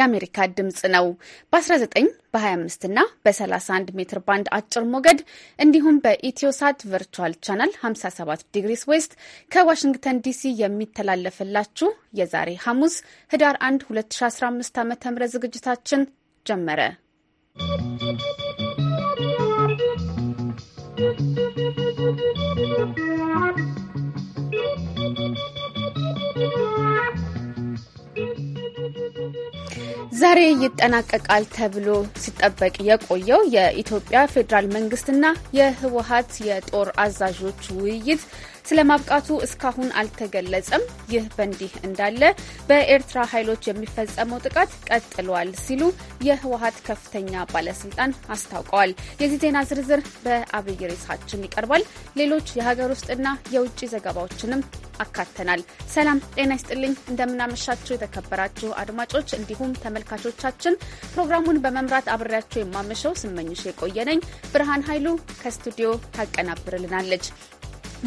የአሜሪካ ድምፅ ነው። በ19 በ25 እና በ31 ሜትር ባንድ አጭር ሞገድ እንዲሁም በኢትዮሳት ቨርቹዋል ቻናል 57 ዲግሪስ ዌስት ከዋሽንግተን ዲሲ የሚተላለፍላችሁ የዛሬ ሐሙስ ህዳር 1 2015 ዓ ም ዝግጅታችን ጀመረ። ዛሬ ይጠናቀቃል ተብሎ ሲጠበቅ የቆየው የኢትዮጵያ ፌዴራል መንግስትና የህወሀት የጦር አዛዦች ውይይት ስለ ማብቃቱ እስካሁን አልተገለጸም። ይህ በእንዲህ እንዳለ በኤርትራ ኃይሎች የሚፈጸመው ጥቃት ቀጥሏል ሲሉ የህወሀት ከፍተኛ ባለስልጣን አስታውቀዋል። የዚህ ዜና ዝርዝር በአብይ ርዕሳችን ይቀርባል። ሌሎች የሀገር ውስጥና የውጭ ዘገባዎችንም አካተናል። ሰላም ጤና ይስጥልኝ። እንደምናመሻችሁ የተከበራችሁ አድማጮች እንዲሁም ተመልካቾቻችን ፕሮግራሙን በመምራት አብሬያችሁ የማመሸው ስመኝሽ የቆየነኝ ብርሃን ኃይሉ ከስቱዲዮ ታቀናብርልናለች።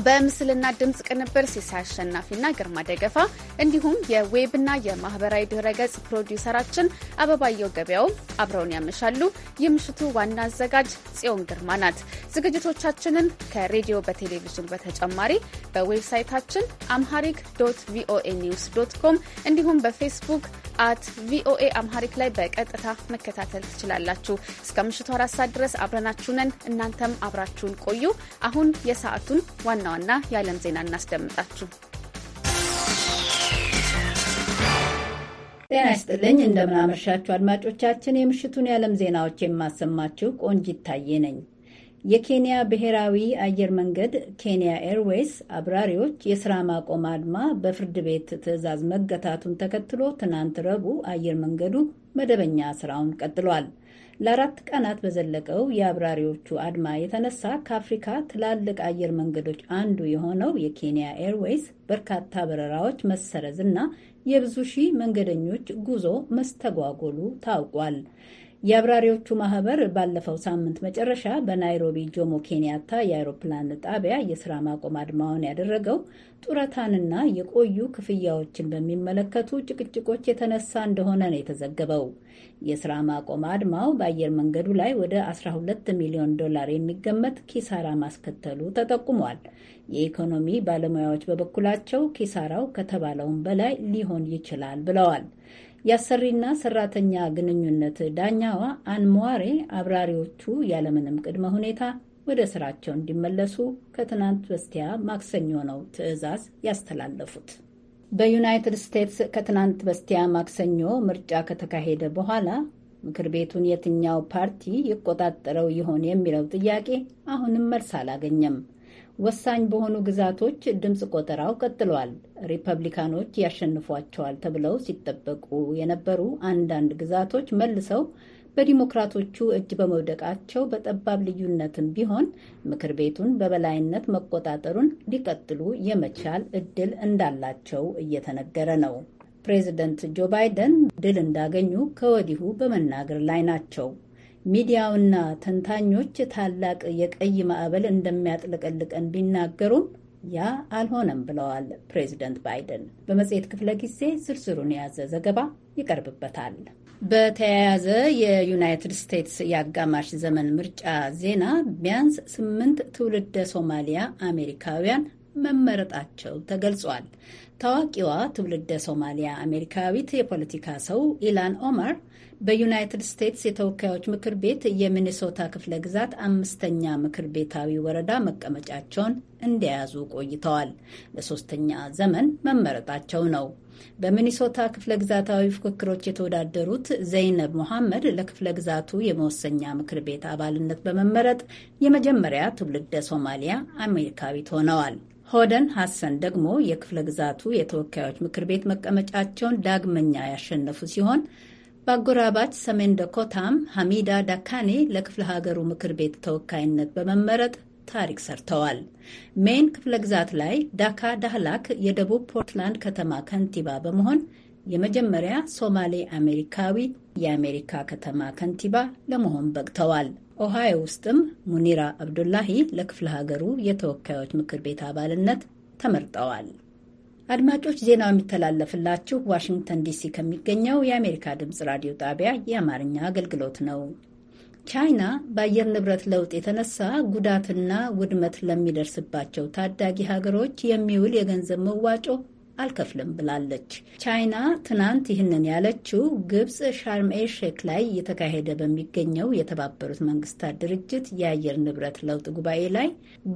በምስልና ድምፅ ቅንብር ሲሳ አሸናፊና ግርማ ደገፋ እንዲሁም የዌብና የማህበራዊ ገጽ ፕሮዲውሰራችን አበባየው ገበያው አብረውን ያመሻሉ። የምሽቱ ዋና አዘጋጅ ጽዮን ግርማ ናት። ዝግጅቶቻችንን ከሬዲዮ በቴሌቪዥን በተጨማሪ በዌብሳይታችን አምሃሪክ ዶት ቪኦኤ ኒውስ ዶት ኮም እንዲሁም በፌስቡክ አት ቪኦኤ አምሃሪክ ላይ በቀጥታ መከታተል ትችላላችሁ። እስከ ምሽቱ አራት ሰዓት ድረስ አብረናችሁንን እናንተም አብራችሁን ቆዩ። አሁን የሰዓቱን ዋና ዋና ዋና የዓለም ዜና እናስደምጣችሁ። ጤና ይስጥልኝ፣ እንደምናመሻችሁ አድማጮቻችን። የምሽቱን የዓለም ዜናዎች የማሰማችሁ ቆንጂት ታዬ ነኝ። የኬንያ ብሔራዊ አየር መንገድ ኬንያ ኤርዌይስ አብራሪዎች የስራ ማቆም አድማ በፍርድ ቤት ትዕዛዝ መገታቱን ተከትሎ ትናንት ረቡዕ አየር መንገዱ መደበኛ ስራውን ቀጥሏል። ለአራት ቀናት በዘለቀው የአብራሪዎቹ አድማ የተነሳ ከአፍሪካ ትላልቅ አየር መንገዶች አንዱ የሆነው የኬንያ ኤርዌይስ በርካታ በረራዎች መሰረዝ እና የብዙ ሺህ መንገደኞች ጉዞ መስተጓጎሉ ታውቋል። የአብራሪዎቹ ማህበር ባለፈው ሳምንት መጨረሻ በናይሮቢ ጆሞ ኬንያታ የአውሮፕላን ጣቢያ የስራ ማቆም አድማውን ያደረገው ጡረታንና የቆዩ ክፍያዎችን በሚመለከቱ ጭቅጭቆች የተነሳ እንደሆነ ነው የተዘገበው። የስራ ማቆም አድማው በአየር መንገዱ ላይ ወደ 12 ሚሊዮን ዶላር የሚገመት ኪሳራ ማስከተሉ ተጠቁሟል። የኢኮኖሚ ባለሙያዎች በበኩላቸው ኪሳራው ከተባለውም በላይ ሊሆን ይችላል ብለዋል። የአሰሪና ሰራተኛ ግንኙነት ዳኛዋ አንሟሬ አብራሪዎቹ ያለምንም ቅድመ ሁኔታ ወደ ስራቸው እንዲመለሱ ከትናንት በስቲያ ማክሰኞ ነው ትዕዛዝ ያስተላለፉት። በዩናይትድ ስቴትስ ከትናንት በስቲያ ማክሰኞ ምርጫ ከተካሄደ በኋላ ምክር ቤቱን የትኛው ፓርቲ ይቆጣጠረው ይሆን የሚለው ጥያቄ አሁንም መልስ አላገኘም። ወሳኝ በሆኑ ግዛቶች ድምፅ ቆጠራው ቀጥሏል። ሪፐብሊካኖች ያሸንፏቸዋል ተብለው ሲጠበቁ የነበሩ አንዳንድ ግዛቶች መልሰው በዲሞክራቶቹ እጅ በመውደቃቸው በጠባብ ልዩነትም ቢሆን ምክር ቤቱን በበላይነት መቆጣጠሩን ሊቀጥሉ የመቻል እድል እንዳላቸው እየተነገረ ነው። ፕሬዚደንት ጆ ባይደን ድል እንዳገኙ ከወዲሁ በመናገር ላይ ናቸው። ሚዲያውና ተንታኞች ታላቅ የቀይ ማዕበል እንደሚያጥለቀልቀን ቢናገሩም ያ አልሆነም ብለዋል ፕሬዚደንት ባይደን። በመጽሔት ክፍለ ጊዜ ዝርዝሩን የያዘ ዘገባ ይቀርብበታል። በተያያዘ የዩናይትድ ስቴትስ የአጋማሽ ዘመን ምርጫ ዜና ቢያንስ ስምንት ትውልደ ሶማሊያ አሜሪካውያን መመረጣቸው ተገልጿል። ታዋቂዋ ትውልደ ሶማሊያ አሜሪካዊት የፖለቲካ ሰው ኢላን ኦማር በዩናይትድ ስቴትስ የተወካዮች ምክር ቤት የሚኒሶታ ክፍለ ግዛት አምስተኛ ምክር ቤታዊ ወረዳ መቀመጫቸውን እንደያዙ ቆይተዋል። ለሶስተኛ ዘመን መመረጣቸው ነው። በሚኒሶታ ክፍለ ግዛታዊ ፉክክሮች የተወዳደሩት ዘይነብ ሞሐመድ ለክፍለ ግዛቱ የመወሰኛ ምክር ቤት አባልነት በመመረጥ የመጀመሪያ ትውልደ ሶማሊያ አሜሪካዊት ሆነዋል። ሆደን ሐሰን ደግሞ የክፍለ ግዛቱ የተወካዮች ምክር ቤት መቀመጫቸውን ዳግመኛ ያሸነፉ ሲሆን በአጎራባች ሰሜን ደኮታም ሐሚዳ ዳካኔ ለክፍለ ሀገሩ ምክር ቤት ተወካይነት በመመረጥ ታሪክ ሰርተዋል። ሜን ክፍለ ግዛት ላይ ዳካ ዳህላክ የደቡብ ፖርትላንድ ከተማ ከንቲባ በመሆን የመጀመሪያ ሶማሌ አሜሪካዊ የአሜሪካ ከተማ ከንቲባ ለመሆን በቅተዋል። ኦሃዮ ውስጥም ሙኒራ አብዱላሂ ለክፍለ ሀገሩ የተወካዮች ምክር ቤት አባልነት ተመርጠዋል። አድማጮች ዜናው የሚተላለፍላችሁ ዋሽንግተን ዲሲ ከሚገኘው የአሜሪካ ድምፅ ራዲዮ ጣቢያ የአማርኛ አገልግሎት ነው። ቻይና በአየር ንብረት ለውጥ የተነሳ ጉዳትና ውድመት ለሚደርስባቸው ታዳጊ ሀገሮች የሚውል የገንዘብ መዋጮ አልከፍልም ብላለች። ቻይና ትናንት ይህንን ያለችው ግብፅ ሻርም ሼክ ላይ እየተካሄደ በሚገኘው የተባበሩት መንግስታት ድርጅት የአየር ንብረት ለውጥ ጉባኤ ላይ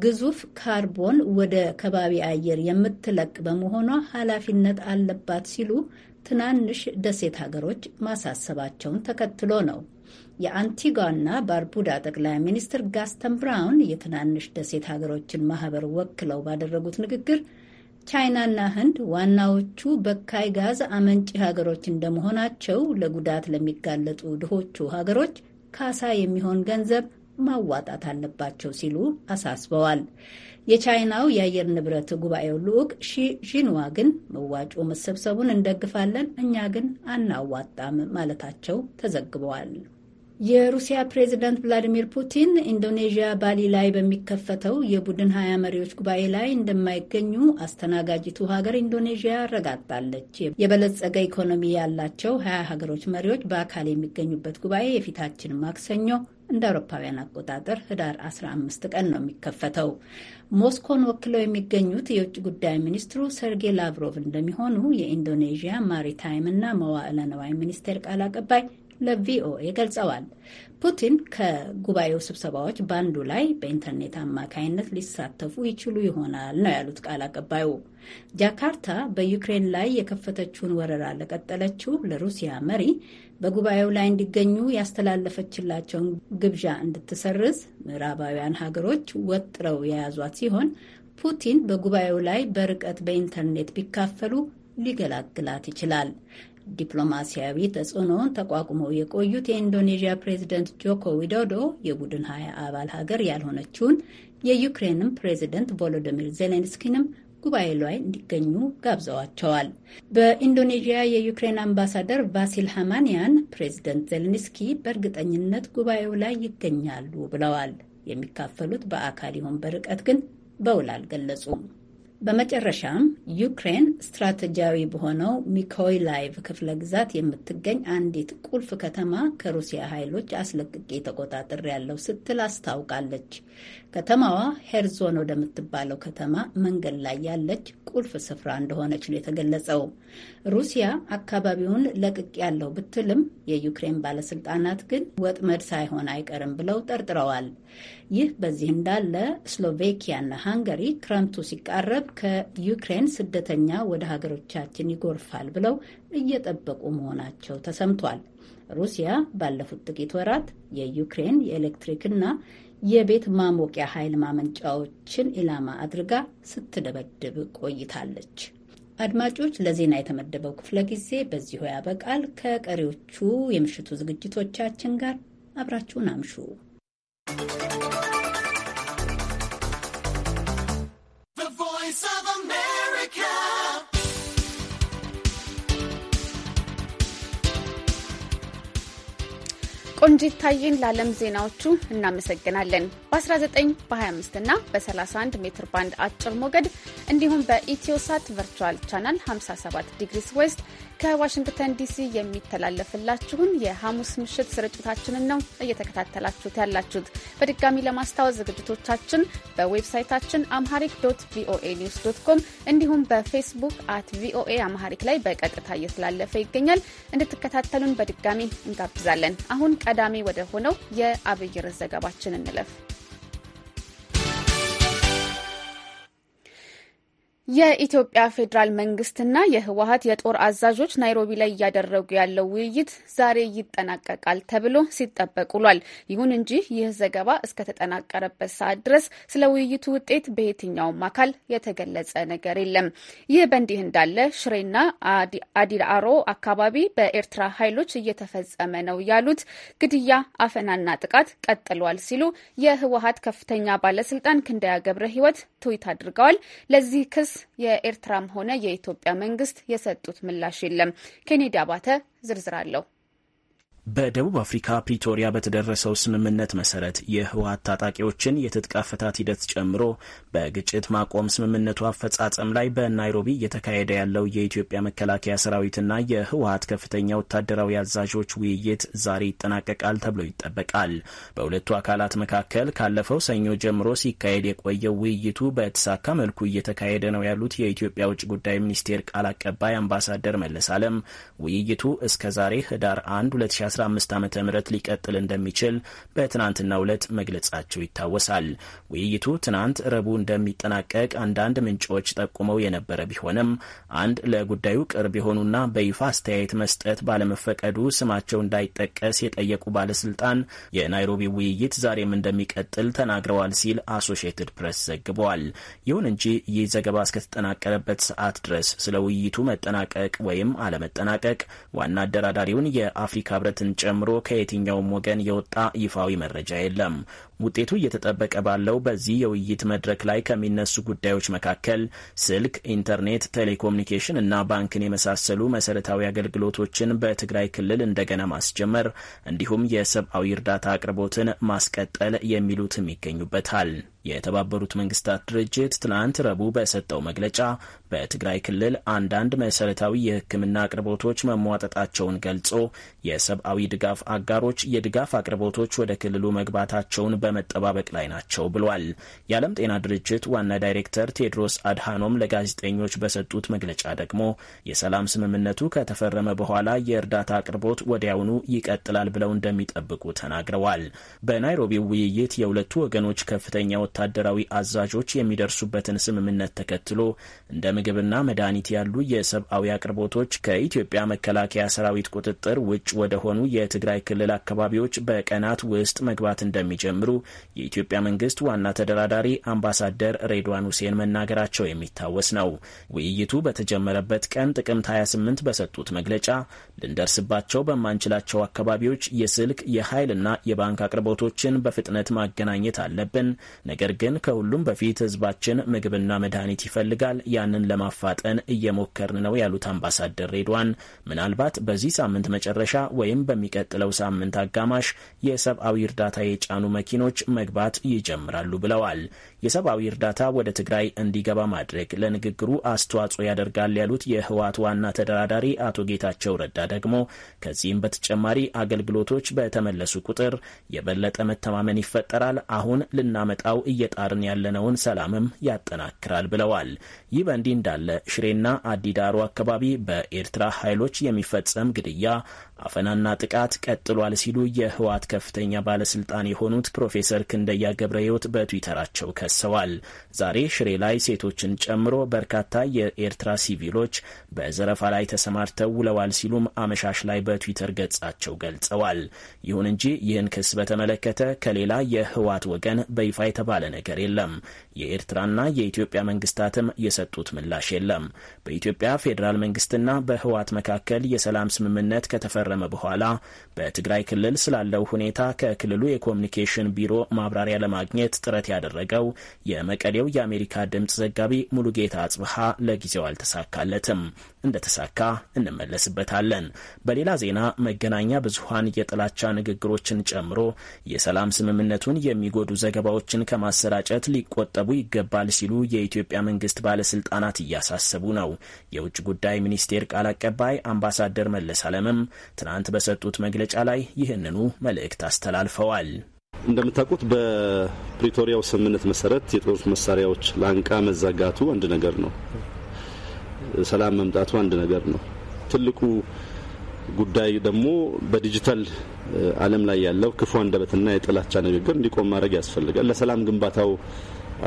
ግዙፍ ካርቦን ወደ ከባቢ አየር የምትለቅ በመሆኗ ኃላፊነት አለባት ሲሉ ትናንሽ ደሴት ሀገሮች ማሳሰባቸውን ተከትሎ ነው የአንቲጓና ባርቡዳ ጠቅላይ ሚኒስትር ጋስተን ብራውን የትናንሽ ደሴት ሀገሮችን ማህበር ወክለው ባደረጉት ንግግር ቻይናና ህንድ ዋናዎቹ በካይ ጋዝ አመንጪ ሀገሮች እንደመሆናቸው ለጉዳት ለሚጋለጡ ድሆቹ ሀገሮች ካሳ የሚሆን ገንዘብ ማዋጣት አለባቸው ሲሉ አሳስበዋል። የቻይናው የአየር ንብረት ጉባኤው ልዑክ ሺ ዢንዋ ግን መዋጮ መሰብሰቡን እንደግፋለን፣ እኛ ግን አናዋጣም ማለታቸው ተዘግበዋል። የሩሲያ ፕሬዚዳንት ቭላዲሚር ፑቲን ኢንዶኔዥያ ባሊ ላይ በሚከፈተው የቡድን ሀያ መሪዎች ጉባኤ ላይ እንደማይገኙ አስተናጋጅቱ ሀገር ኢንዶኔዥያ አረጋግጣለች። የበለጸገ ኢኮኖሚ ያላቸው ሀያ ሀገሮች መሪዎች በአካል የሚገኙበት ጉባኤ የፊታችን ማክሰኞ እንደ አውሮፓውያን አቆጣጠር ህዳር 15 ቀን ነው የሚከፈተው። ሞስኮን ወክለው የሚገኙት የውጭ ጉዳይ ሚኒስትሩ ሰርጌይ ላቭሮቭ እንደሚሆኑ የኢንዶኔዥያ ማሪታይም እና መዋዕለ ነዋይ ሚኒስቴር ቃል አቀባይ ለቪኦኤ ገልጸዋል። ፑቲን ከጉባኤው ስብሰባዎች በአንዱ ላይ በኢንተርኔት አማካይነት ሊሳተፉ ይችሉ ይሆናል ነው ያሉት ቃል አቀባዩ። ጃካርታ በዩክሬን ላይ የከፈተችውን ወረራ ለቀጠለችው ለሩሲያ መሪ በጉባኤው ላይ እንዲገኙ ያስተላለፈችላቸውን ግብዣ እንድትሰርዝ ምዕራባውያን ሀገሮች ወጥረው የያዟት ሲሆን ፑቲን በጉባኤው ላይ በርቀት በኢንተርኔት ቢካፈሉ ሊገላግላት ይችላል። ዲፕሎማሲያዊ ተጽዕኖውን ተቋቁመው የቆዩት የኢንዶኔዥያ ፕሬዚደንት ጆኮ ዊዶዶ የቡድን ሀያ አባል ሀገር ያልሆነችውን የዩክሬንም ፕሬዚደንት ቮሎዲሚር ዜሌንስኪንም ጉባኤ ላይ እንዲገኙ ጋብዘዋቸዋል። በኢንዶኔዥያ የዩክሬን አምባሳደር ቫሲል ሃማንያን ፕሬዚደንት ዜሌንስኪ በእርግጠኝነት ጉባኤው ላይ ይገኛሉ ብለዋል። የሚካፈሉት በአካል ይሁን በርቀት ግን በውል አልገለጹም። በመጨረሻም ዩክሬን ስትራቴጂያዊ በሆነው ሚኮይላይቭ ክፍለ ግዛት የምትገኝ አንዲት ቁልፍ ከተማ ከሩሲያ ኃይሎች አስለቅቄ ተቆጣጠር ያለው ስትል አስታውቃለች። ከተማዋ ሄርዞን ወደምትባለው ከተማ መንገድ ላይ ያለች ቁልፍ ስፍራ እንደሆነች ነው የተገለጸው። ሩሲያ አካባቢውን ለቅቅ ያለው ብትልም የዩክሬን ባለስልጣናት ግን ወጥመድ ሳይሆን አይቀርም ብለው ጠርጥረዋል። ይህ በዚህ እንዳለ ስሎቬኪያና ሃንገሪ ክረምቱ ሲቃረብ ከዩክሬን ስደተኛ ወደ ሀገሮቻችን ይጎርፋል ብለው እየጠበቁ መሆናቸው ተሰምቷል። ሩሲያ ባለፉት ጥቂት ወራት የዩክሬን የኤሌክትሪክና የቤት ማሞቂያ ኃይል ማመንጫዎችን ኢላማ አድርጋ ስትደበድብ ቆይታለች። አድማጮች፣ ለዜና የተመደበው ክፍለ ጊዜ በዚሁ ያበቃል። ከቀሪዎቹ የምሽቱ ዝግጅቶቻችን ጋር አብራችሁን አምሹ። ቆንጂት ታዬን ለዓለም ዜናዎቹ እናመሰግናለን። በ19 በ25 እና በ31 ሜትር ባንድ አጭር ሞገድ እንዲሁም በኢትዮሳት ቨርቹዋል ቻናል 57 ዲግሪስ ዌስት ከዋሽንግተን ዲሲ የሚተላለፍላችሁን የሐሙስ ምሽት ስርጭታችንን ነው እየተከታተላችሁት ያላችሁት። በድጋሚ ለማስታወስ ዝግጅቶቻችን በዌብሳይታችን አምሃሪክ ዶት ቪኦኤ ኒውስ ዶት ኮም እንዲሁም በፌስቡክ አት ቪኦኤ አምሃሪክ ላይ በቀጥታ እየተላለፈ ይገኛል። እንድትከታተሉን በድጋሚ እንጋብዛለን። አሁን ቀዳሚ ወደ ሆነው የአብይር ዘገባችን እንለፍ። የኢትዮጵያ ፌዴራል መንግስትና የህወሀት የጦር አዛዦች ናይሮቢ ላይ እያደረጉ ያለው ውይይት ዛሬ ይጠናቀቃል ተብሎ ሲጠበቅ ውሏል። ይሁን እንጂ ይህ ዘገባ እስከተጠናቀረበት ሰዓት ድረስ ስለ ውይይቱ ውጤት በየትኛውም አካል የተገለጸ ነገር የለም። ይህ በእንዲህ እንዳለ ሽሬና አዲአሮ አካባቢ በኤርትራ ኃይሎች እየተፈጸመ ነው ያሉት ግድያ፣ አፈናና ጥቃት ቀጥሏል ሲሉ የህወሀት ከፍተኛ ባለስልጣን ክንደያ ገብረ ህይወት ትዊት አድርገዋል። ለዚህ ክስ የኤርትራም ሆነ የኢትዮጵያ መንግስት የሰጡት ምላሽ የለም። ኬኔዲ አባተ ዝርዝር አለው። በደቡብ አፍሪካ ፕሪቶሪያ በተደረሰው ስምምነት መሰረት የህወሀት ታጣቂዎችን የትጥቅ አፈታት ሂደት ጨምሮ በግጭት ማቆም ስምምነቱ አፈጻጸም ላይ በናይሮቢ እየተካሄደ ያለው የኢትዮጵያ መከላከያ ሰራዊትና የህወሀት ከፍተኛ ወታደራዊ አዛዦች ውይይት ዛሬ ይጠናቀቃል ተብሎ ይጠበቃል። በሁለቱ አካላት መካከል ካለፈው ሰኞ ጀምሮ ሲካሄድ የቆየው ውይይቱ በተሳካ መልኩ እየተካሄደ ነው ያሉት የኢትዮጵያ ውጭ ጉዳይ ሚኒስቴር ቃል አቀባይ አምባሳደር መለስ አለም ውይይቱ እስከ ዛሬ ህዳር 1 2015 ዓ ም ሊቀጥል እንደሚችል በትናንትናው ዕለት መግለጻቸው ይታወሳል። ውይይቱ ትናንት ረቡዕ እንደሚጠናቀቅ አንዳንድ ምንጮች ጠቁመው የነበረ ቢሆንም አንድ ለጉዳዩ ቅርብ የሆኑና በይፋ አስተያየት መስጠት ባለመፈቀዱ ስማቸው እንዳይጠቀስ የጠየቁ ባለስልጣን የናይሮቢ ውይይት ዛሬም እንደሚቀጥል ተናግረዋል ሲል አሶሺየትድ ፕሬስ ዘግቧል። ይሁን እንጂ ይህ ዘገባ እስከተጠናቀረበት ሰዓት ድረስ ስለ ውይይቱ መጠናቀቅ ወይም አለመጠናቀቅ ዋና አደራዳሪውን የአፍሪካ ህብረትን ጨምሮ ከየትኛውም ወገን የወጣ ይፋዊ መረጃ የለም። ውጤቱ እየተጠበቀ ባለው በዚህ የውይይት መድረክ ላይ ከሚነሱ ጉዳዮች መካከል ስልክ፣ ኢንተርኔት፣ ቴሌኮሙኒኬሽን እና ባንክን የመሳሰሉ መሰረታዊ አገልግሎቶችን በትግራይ ክልል እንደገና ማስጀመር እንዲሁም የሰብአዊ እርዳታ አቅርቦትን ማስቀጠል የሚሉትም ይገኙበታል። የተባበሩት መንግስታት ድርጅት ትናንት ረቡዕ በሰጠው መግለጫ በትግራይ ክልል አንዳንድ መሰረታዊ የሕክምና አቅርቦቶች መሟጠጣቸውን ገልጾ የሰብአዊ ድጋፍ አጋሮች የድጋፍ አቅርቦቶች ወደ ክልሉ መግባታቸውን በመጠባበቅ ላይ ናቸው ብሏል። የዓለም ጤና ድርጅት ዋና ዳይሬክተር ቴድሮስ አድሃኖም ለጋዜጠኞች በሰጡት መግለጫ ደግሞ የሰላም ስምምነቱ ከተፈረመ በኋላ የእርዳታ አቅርቦት ወዲያውኑ ይቀጥላል ብለው እንደሚጠብቁ ተናግረዋል። በናይሮቢው ውይይት የሁለቱ ወገኖች ከፍተኛ ወታደራዊ አዛዦች የሚደርሱበትን ስምምነት ተከትሎ እንደ ምግብና መድኃኒት ያሉ የሰብአዊ አቅርቦቶች ከኢትዮጵያ መከላከያ ሰራዊት ቁጥጥር ውጭ ወደሆኑ የትግራይ ክልል አካባቢዎች በቀናት ውስጥ መግባት እንደሚጀምሩ የኢትዮጵያ መንግስት ዋና ተደራዳሪ አምባሳደር ሬድዋን ሁሴን መናገራቸው የሚታወስ ነው። ውይይቱ በተጀመረበት ቀን ጥቅምት 28 በሰጡት መግለጫ ልንደርስባቸው በማንችላቸው አካባቢዎች የስልክ የኃይልና የባንክ አቅርቦቶችን በፍጥነት ማገናኘት አለብን። ነገር ግን ከሁሉም በፊት ህዝባችን ምግብና መድኃኒት ይፈልጋል። ያንን ለማፋጠን እየሞከርን ነው ያሉት አምባሳደር ሬድዋን ምናልባት በዚህ ሳምንት መጨረሻ ወይም በሚቀጥለው ሳምንት አጋማሽ የሰብአዊ እርዳታ የጫኑ መኪኖች አውሮፕላኖች መግባት ይጀምራሉ ብለዋል። የሰብአዊ እርዳታ ወደ ትግራይ እንዲገባ ማድረግ ለንግግሩ አስተዋጽኦ ያደርጋል ያሉት የህወሓት ዋና ተደራዳሪ አቶ ጌታቸው ረዳ ደግሞ ከዚህም በተጨማሪ አገልግሎቶች በተመለሱ ቁጥር የበለጠ መተማመን ይፈጠራል፣ አሁን ልናመጣው እየጣርን ያለነውን ሰላምም ያጠናክራል ብለዋል። ይህ በእንዲህ እንዳለ ሽሬና አዲዳሮ አካባቢ በኤርትራ ኃይሎች የሚፈጸም ግድያ አፈናና ጥቃት ቀጥሏል ሲሉ የህወሓት ከፍተኛ ባለስልጣን የሆኑት ፕሮፌሰር ክንደያ ገብረ ህይወት በትዊተራቸው ከሰዋል። ዛሬ ሽሬ ላይ ሴቶችን ጨምሮ በርካታ የኤርትራ ሲቪሎች በዘረፋ ላይ ተሰማርተው ውለዋል ሲሉም አመሻሽ ላይ በትዊተር ገጻቸው ገልጸዋል። ይሁን እንጂ ይህን ክስ በተመለከተ ከሌላ የህወሓት ወገን በይፋ የተባለ ነገር የለም። የኤርትራና የኢትዮጵያ መንግስታትም የሰጡት ምላሽ የለም። በኢትዮጵያ ፌዴራል መንግስትና በህወሓት መካከል የሰላም ስምምነት ከተፈ ከከረመ በኋላ በትግራይ ክልል ስላለው ሁኔታ ከክልሉ የኮሚኒኬሽን ቢሮ ማብራሪያ ለማግኘት ጥረት ያደረገው የመቀሌው የአሜሪካ ድምፅ ዘጋቢ ሙሉጌታ አጽብሃ ለጊዜው አልተሳካለትም። እንደተሳካ እንመለስበታለን። በሌላ ዜና መገናኛ ብዙሀን የጥላቻ ንግግሮችን ጨምሮ የሰላም ስምምነቱን የሚጎዱ ዘገባዎችን ከማሰራጨት ሊቆጠቡ ይገባል ሲሉ የኢትዮጵያ መንግስት ባለስልጣናት እያሳሰቡ ነው። የውጭ ጉዳይ ሚኒስቴር ቃል አቀባይ አምባሳደር መለስ አለምም ትናንት በሰጡት መግለጫ ላይ ይህንኑ መልእክት አስተላልፈዋል። እንደምታውቁት በፕሪቶሪያው ስምምነት መሰረት የጦር መሳሪያዎች ላንቃ መዛጋቱ አንድ ነገር ነው። ሰላም መምጣቱ አንድ ነገር ነው። ትልቁ ጉዳይ ደግሞ በዲጂታል ዓለም ላይ ያለው ክፉ አንደበትና የጥላቻ ንግግር እንዲቆም ማድረግ ያስፈልጋል። ለሰላም ግንባታው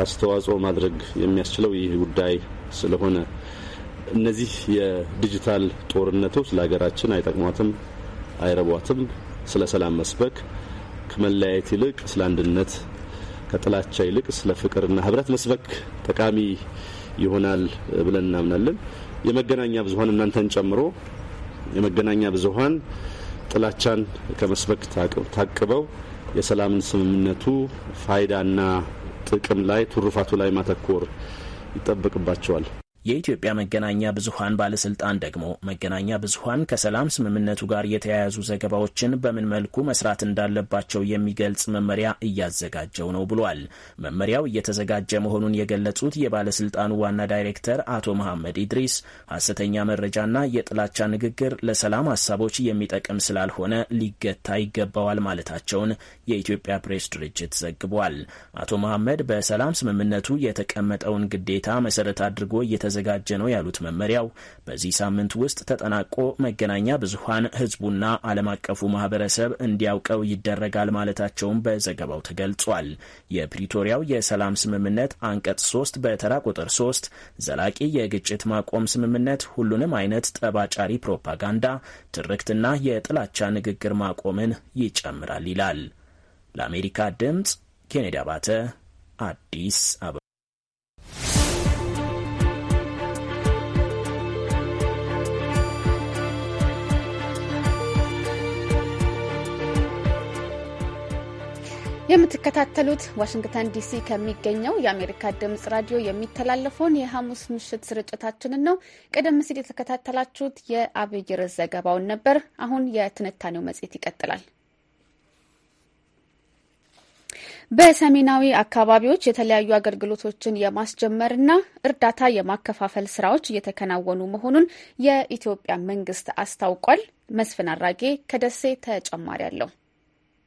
አስተዋጽኦ ማድረግ የሚያስችለው ይህ ጉዳይ ስለሆነ እነዚህ የዲጂታል ጦርነቶች ለሀገራችን አይጠቅሟትም፣ አይረቧትም። ስለ ሰላም መስበክ ከመለያየት ይልቅ ስለ አንድነት፣ ከጥላቻ ይልቅ ስለ ፍቅርና ህብረት መስበክ ጠቃሚ ይሆናል ብለን እናምናለን። የመገናኛ ብዙሀን እናንተን ጨምሮ የመገናኛ ብዙሀን ጥላቻን ከመስበክ ታቅበው የሰላምን ስምምነቱ ፋይዳና ጥቅም ላይ ትሩፋቱ ላይ ማተኮር ይጠበቅባቸዋል። የኢትዮጵያ መገናኛ ብዙሀን ባለስልጣን ደግሞ መገናኛ ብዙሀን ከሰላም ስምምነቱ ጋር የተያያዙ ዘገባዎችን በምን መልኩ መስራት እንዳለባቸው የሚገልጽ መመሪያ እያዘጋጀው ነው ብሏል። መመሪያው እየተዘጋጀ መሆኑን የገለጹት የባለስልጣኑ ዋና ዳይሬክተር አቶ መሐመድ ኢድሪስ ሀሰተኛ መረጃና የጥላቻ ንግግር ለሰላም ሀሳቦች የሚጠቅም ስላልሆነ ሊገታ ይገባዋል ማለታቸውን የኢትዮጵያ ፕሬስ ድርጅት ዘግቧል። አቶ መሐመድ በሰላም ስምምነቱ የተቀመጠውን ግዴታ መሰረት አድርጎ እየተዘጋጀ ነው ያሉት መመሪያው በዚህ ሳምንት ውስጥ ተጠናቆ መገናኛ ብዙሀን ህዝቡና ዓለም አቀፉ ማህበረሰብ እንዲያውቀው ይደረጋል ማለታቸውም በዘገባው ተገልጿል። የፕሪቶሪያው የሰላም ስምምነት አንቀጽ ሶስት በተራ ቁጥር ሶስት ዘላቂ የግጭት ማቆም ስምምነት ሁሉንም አይነት ጠባጫሪ ፕሮፓጋንዳ፣ ትርክትና የጥላቻ ንግግር ማቆምን ይጨምራል ይላል። ለአሜሪካ ድምጽ ኬኔዲ አባተ አዲስ አበባ የምትከታተሉት ዋሽንግተን ዲሲ ከሚገኘው የአሜሪካ ድምጽ ራዲዮ የሚተላለፈውን የሐሙስ ምሽት ስርጭታችንን ነው። ቀደም ሲል የተከታተላችሁት የአብይር ዘገባውን ነበር። አሁን የትንታኔው መጽሔት ይቀጥላል። በሰሜናዊ አካባቢዎች የተለያዩ አገልግሎቶችን የማስጀመርና እርዳታ የማከፋፈል ስራዎች እየተከናወኑ መሆኑን የኢትዮጵያ መንግስት አስታውቋል። መስፍን አራጌ ከደሴ ተጨማሪ አለው።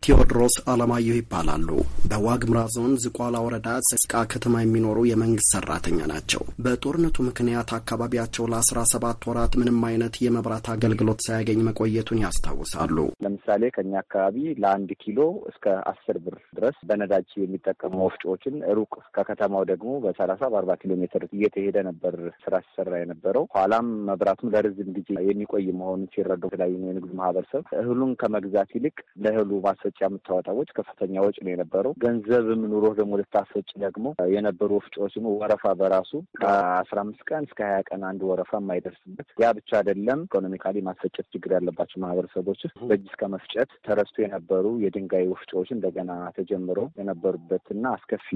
ቴዎድሮስ አለማየሁ ይባላሉ። በዋግምራ ዞን ዝቋላ ወረዳ ሰስቃ ከተማ የሚኖሩ የመንግስት ሰራተኛ ናቸው። በጦርነቱ ምክንያት አካባቢያቸው ለአስራ ሰባት ወራት ምንም አይነት የመብራት አገልግሎት ሳያገኝ መቆየቱን ያስታውሳሉ። ለምሳሌ ከኛ አካባቢ ለአንድ ኪሎ እስከ አስር ብር ድረስ በነዳጅ የሚጠቀሙ ወፍጮዎችን ሩቅ ከከተማው ደግሞ በሰላሳ በአርባ ኪሎ ሜትር እየተሄደ ነበር ስራ ሲሰራ የነበረው። ኋላም መብራቱም ለረጅም ጊዜ የሚቆይ መሆኑን ሲረዱ የተለያዩ የንግዱ ማህበረሰብ እህሉን ከመግዛት ይልቅ ለእህሉ ማሰ ወጪ የምታወጣ ወጪ ከፍተኛ ወጪ ነው የነበረው። ገንዘብም ኑሮ ደግሞ ልታስወጭ ደግሞ የነበሩ ወፍጮዎች ደግሞ ወረፋ በራሱ ከአስራ አምስት ቀን እስከ ሀያ ቀን አንድ ወረፋ የማይደርስበት ያ ብቻ አይደለም። ኢኮኖሚካሊ ማስፈጨት ችግር ያለባቸው ማህበረሰቦች በእጅ እስከ መፍጨት ተረስቶ የነበሩ የድንጋይ ወፍጮዎች እንደገና ተጀምረው የነበሩበትና አስከፊ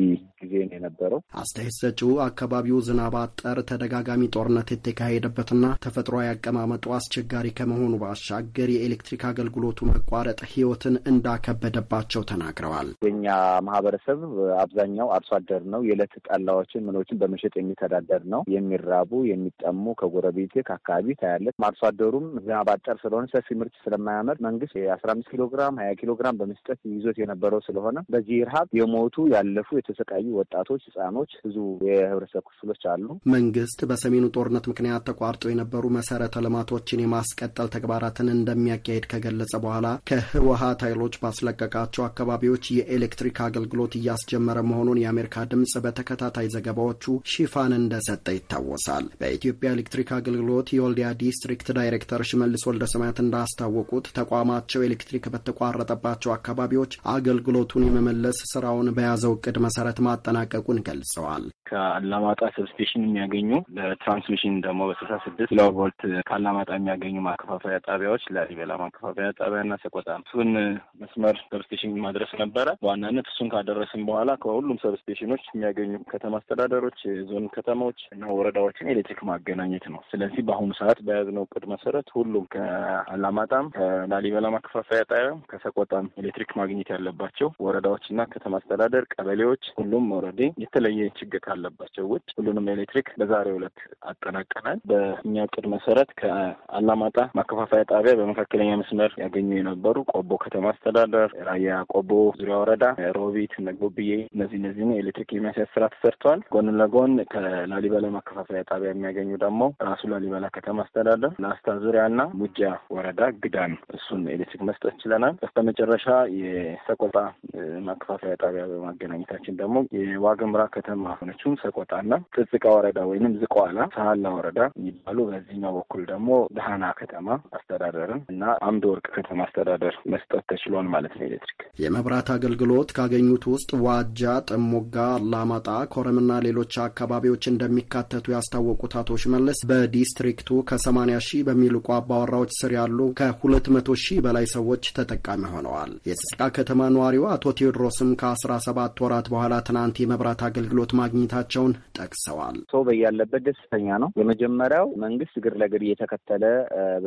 ጊዜ ነው የነበረው። አስተያየት ሰጪው አካባቢው ዝናብ አጠር፣ ተደጋጋሚ ጦርነት የተካሄደበትና ተፈጥሯዊ አቀማመጡ አስቸጋሪ ከመሆኑ ባሻገር የኤሌክትሪክ አገልግሎቱ መቋረጥ ህይወትን እንዳከ ከበደባቸው ተናግረዋል። የኛ ማህበረሰብ አብዛኛው አርሶ አደር ነው። የዕለት ጠላዎችን ምኖችን በመሸጥ የሚተዳደር ነው። የሚራቡ የሚጠሙ ከጎረቤቴ ከአካባቢ ታያለ። አርሶ አደሩም ዝናብ አጠር ስለሆነ ሰፊ ምርት ስለማያመር መንግስት የአስራ አምስት ኪሎ ግራም ሀያ ኪሎ ግራም በመስጠት ይዞት የነበረው ስለሆነ በዚህ ረሀብ የሞቱ ያለፉ የተሰቃዩ ወጣቶች፣ ህጻኖች፣ ብዙ የህብረተሰብ ክፍሎች አሉ። መንግስት በሰሜኑ ጦርነት ምክንያት ተቋርጠው የነበሩ መሰረተ ልማቶችን የማስቀጠል ተግባራትን እንደሚያካሄድ ከገለጸ በኋላ ከህወሀት ኃይሎች ባስለቀቃቸው አካባቢዎች የኤሌክትሪክ አገልግሎት እያስጀመረ መሆኑን የአሜሪካ ድምጽ በተከታታይ ዘገባዎቹ ሽፋን እንደሰጠ ይታወሳል። በኢትዮጵያ ኤሌክትሪክ አገልግሎት የወልዲያ ዲስትሪክት ዳይሬክተር ሽመልስ ወልደሰማያት እንዳስታወቁት ተቋማቸው ኤሌክትሪክ በተቋረጠባቸው አካባቢዎች አገልግሎቱን የመመለስ ስራውን በያዘው እቅድ መሰረት ማጠናቀቁን ገልጸዋል። ከአላማጣ ሰብስቴሽን የሚያገኙ ለትራንስሚሽን ደግሞ በስልሳ ስድስት ኪሎ ቮልት ከአላማጣ የሚያገኙ ማከፋፈያ ጣቢያዎች ላሊበላ ማከፋፈያ ጣቢያና ሰቆጣ እሱን መስመር ሰብስቴሽን ማድረስ ነበረ። በዋናነት እሱን ካደረስን በኋላ ከሁሉም ሰብስቴሽኖች የሚያገኙ ከተማ አስተዳደሮች፣ የዞን ከተማዎች እና ወረዳዎችን ኤሌክትሪክ ማገናኘት ነው። ስለዚህ በአሁኑ ሰዓት በያዝነው እቅድ መሰረት ሁሉም ከአላማጣም፣ ከላሊበላ ማከፋፈያ ጣቢያም፣ ከሰቆጣም ኤሌክትሪክ ማግኘት ያለባቸው ወረዳዎች እና ከተማ አስተዳደር ቀበሌዎች ሁሉም ወረዴ የተለየ ችግር ካለባቸው ውጭ ሁሉንም ኤሌክትሪክ በዛሬው ዕለት አጠናቀናል። በእኛ እቅድ መሰረት ከአላማጣ ማከፋፈያ ጣቢያ በመካከለኛ መስመር ያገኙ የነበሩ ቆቦ ከተማ አስተዳደር ራያ ቆቦ ዙሪያ ወረዳ ሮቢት፣ ነጎብዬ እነዚህ እነዚህ ኤሌክትሪክ የማስያዝ ስራ ተሰርተዋል። ጎን ለጎን ከላሊበላ ማከፋፈያ ጣቢያ የሚያገኙ ደግሞ ራሱ ላሊበላ ከተማ አስተዳደር ላስታ ዙሪያ እና ሙጃ ወረዳ ግዳን እሱን ኤሌክትሪክ መስጠት ችለናል። በስተመጨረሻ የሰቆጣ ማከፋፈያ ጣቢያ በማገናኘታችን ደግሞ የዋግምራ ከተማ ሆነችውን ሰቆጣና ጥጽቃ ወረዳ ወይንም ዝቋላ ሳህላ ወረዳ የሚባሉ በዚህኛው በኩል ደግሞ ደሃና ከተማ አስተዳደርን እና አምድ ወርቅ ከተማ አስተዳደር መስጠት ተችሏል። ማለት ነው ኤሌክትሪክ። የመብራት አገልግሎት ካገኙት ውስጥ ዋጃ፣ ጥሞጋ፣ አላማጣ፣ ኮረምና ሌሎች አካባቢዎች እንደሚካተቱ ያስታወቁት አቶ ሽመልስ በዲስትሪክቱ ከ80 ሺህ በሚልቁ አባወራዎች ስር ያሉ ከ200 ሺህ በላይ ሰዎች ተጠቃሚ ሆነዋል። የስቃ ከተማ ነዋሪው አቶ ቴዎድሮስም ከ17 ወራት በኋላ ትናንት የመብራት አገልግሎት ማግኘታቸውን ጠቅሰዋል። ሰው በያለበት ደስተኛ ነው። የመጀመሪያው መንግስት እግር ለእግር እየተከተለ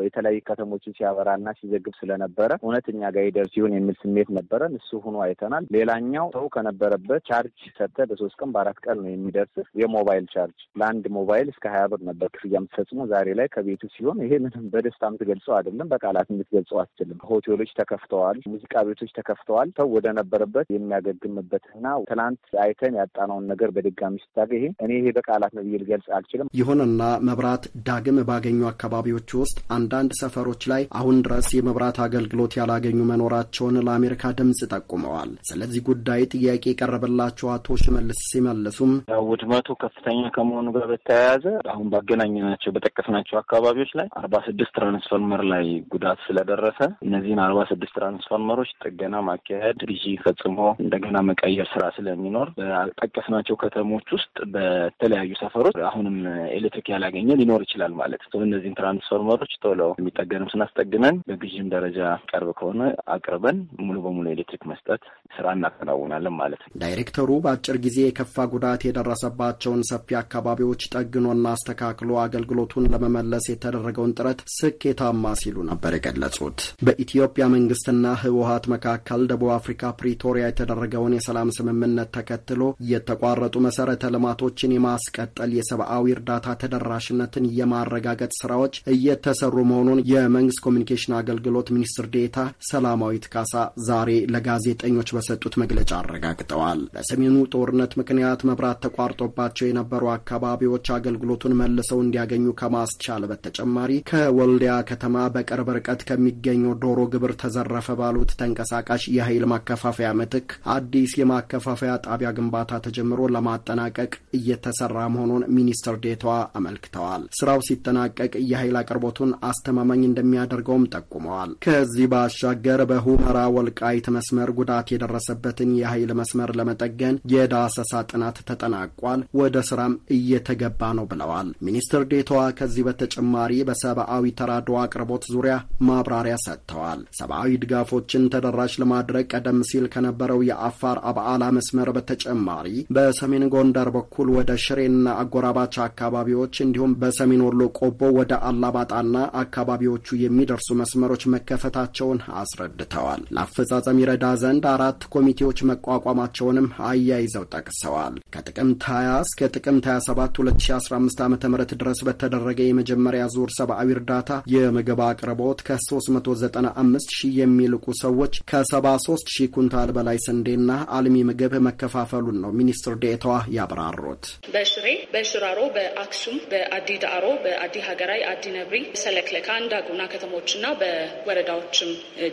የተለያዩ ከተሞችን ሲያበራና ሲዘግብ ስለነበረ እውነተኛ ጋይደር ሲሆን የሚል ስሜት ነበረን። እሱ ሆኖ አይተናል። ሌላኛው ሰው ከነበረበት ቻርጅ ሰጥተህ በሶስት ቀን በአራት ቀን ነው የሚደርስ የሞባይል ቻርጅ ለአንድ ሞባይል እስከ ሀያ ብር ነበር ክፍያ የምትፈጽሞ ዛሬ ላይ ከቤቱ ሲሆን ይሄ ምንም በደስታ የምትገልጸው አይደለም፣ በቃላት የምትገልጸው አትችልም። ሆቴሎች ተከፍተዋል፣ ሙዚቃ ቤቶች ተከፍተዋል። ሰው ወደ ነበረበት የሚያገግምበትና ትናንት አይተን ያጣነውን ነገር በድጋሚ ስታገ ይሄ እኔ ይሄ በቃላት ነው ብዬ ልገልጽ አልችልም። ይሁንና መብራት ዳግም ባገኙ አካባቢዎች ውስጥ አንዳንድ ሰፈሮች ላይ አሁን ድረስ የመብራት አገልግሎት ያላገኙ መኖራቸውን መሆናቸውን ለአሜሪካ ድምፅ ጠቁመዋል። ስለዚህ ጉዳይ ጥያቄ የቀረበላቸው አቶ ሽመልስ ሲመልሱም ውድመቱ ከፍተኛ ከመሆኑ ጋር በተያያዘ አሁን ባገናኘናቸው በጠቀስናቸው አካባቢዎች ላይ አርባ ስድስት ትራንስፎርመር ላይ ጉዳት ስለደረሰ እነዚህን አርባ ስድስት ትራንስፎርመሮች ጥገና ማካሄድ፣ ግዢ ፈጽሞ እንደገና መቀየር ስራ ስለሚኖር በጠቀስናቸው ከተሞች ውስጥ በተለያዩ ሰፈሮች አሁንም ኤሌክትሪክ ያላገኘ ሊኖር ይችላል ማለት ነው። እነዚህን ትራንስፎርመሮች ቶሎ የሚጠገንም ስናስጠግነን በግዥም ደረጃ ቀርብ ከሆነ አቅርበን ሙሉ በሙሉ ኤሌክትሪክ መስጠት ስራ እናከናውናለን ማለት ነው። ዳይሬክተሩ በአጭር ጊዜ የከፋ ጉዳት የደረሰባቸውን ሰፊ አካባቢዎች ጠግኖና አስተካክሎ አገልግሎቱን ለመመለስ የተደረገውን ጥረት ስኬታማ ሲሉ ነበር የገለጹት። በኢትዮጵያ መንግስትና ህወሀት መካከል ደቡብ አፍሪካ ፕሪቶሪያ የተደረገውን የሰላም ስምምነት ተከትሎ የተቋረጡ መሰረተ ልማቶችን የማስቀጠል የሰብአዊ እርዳታ ተደራሽነትን የማረጋገጥ ስራዎች እየተሰሩ መሆኑን የመንግስት ኮሚኒኬሽን አገልግሎት ሚኒስትር ዴታ ሰላማዊት ካሳ ካሳ ዛሬ ለጋዜጠኞች በሰጡት መግለጫ አረጋግጠዋል። በሰሜኑ ጦርነት ምክንያት መብራት ተቋርጦባቸው የነበሩ አካባቢዎች አገልግሎቱን መልሰው እንዲያገኙ ከማስቻል በተጨማሪ ከወልዲያ ከተማ በቅርብ ርቀት ከሚገኘው ዶሮ ግብር ተዘረፈ ባሉት ተንቀሳቃሽ የኃይል ማከፋፈያ ምትክ አዲስ የማከፋፈያ ጣቢያ ግንባታ ተጀምሮ ለማጠናቀቅ እየተሰራ መሆኑን ሚኒስትር ዴታዋ አመልክተዋል። ስራው ሲጠናቀቅ የኃይል አቅርቦቱን አስተማማኝ እንደሚያደርገውም ጠቁመዋል። ከዚህ ባሻገር በሁመራ ወልቃይት መስመር ጉዳት የደረሰበትን የኃይል መስመር ለመጠገን የዳሰሳ ጥናት ተጠናቋል፣ ወደ ስራም እየተገባ ነው ብለዋል ሚኒስትር ዴታዋ። ከዚህ በተጨማሪ በሰብአዊ ተራድኦ አቅርቦት ዙሪያ ማብራሪያ ሰጥተዋል። ሰብአዊ ድጋፎችን ተደራሽ ለማድረግ ቀደም ሲል ከነበረው የአፋር አብዓላ መስመር በተጨማሪ በሰሜን ጎንደር በኩል ወደ ሽሬና አጎራባች አካባቢዎች እንዲሁም በሰሜን ወሎ ቆቦ ወደ አላባጣና አካባቢዎቹ የሚደርሱ መስመሮች መከፈታቸውን አስረድተዋል። ገልጸዋል። ለአፈጻጸም ይረዳ ዘንድ አራት ኮሚቴዎች መቋቋማቸውንም አያይዘው ጠቅሰዋል። ከጥቅምት 20 እስከ ጥቅምት 27 2015 ዓ ም ድረስ በተደረገ የመጀመሪያ ዙር ሰብአዊ እርዳታ የምግብ አቅርቦት ከ395 ሺህ የሚልቁ ሰዎች ከ73 ሺህ ኩንታል በላይ ስንዴና አልሚ ምግብ መከፋፈሉን ነው ሚኒስትር ዴኤታዋ ያብራሩት። በሽሬ፣ በሽራሮ፣ በአክሱም፣ በአዲ ዳዕሮ፣ በአዲ ሀገራይ፣ አዲ ነብሪ፣ ሰለክለካ፣ እንዳጉና ከተሞችና በወረዳዎችም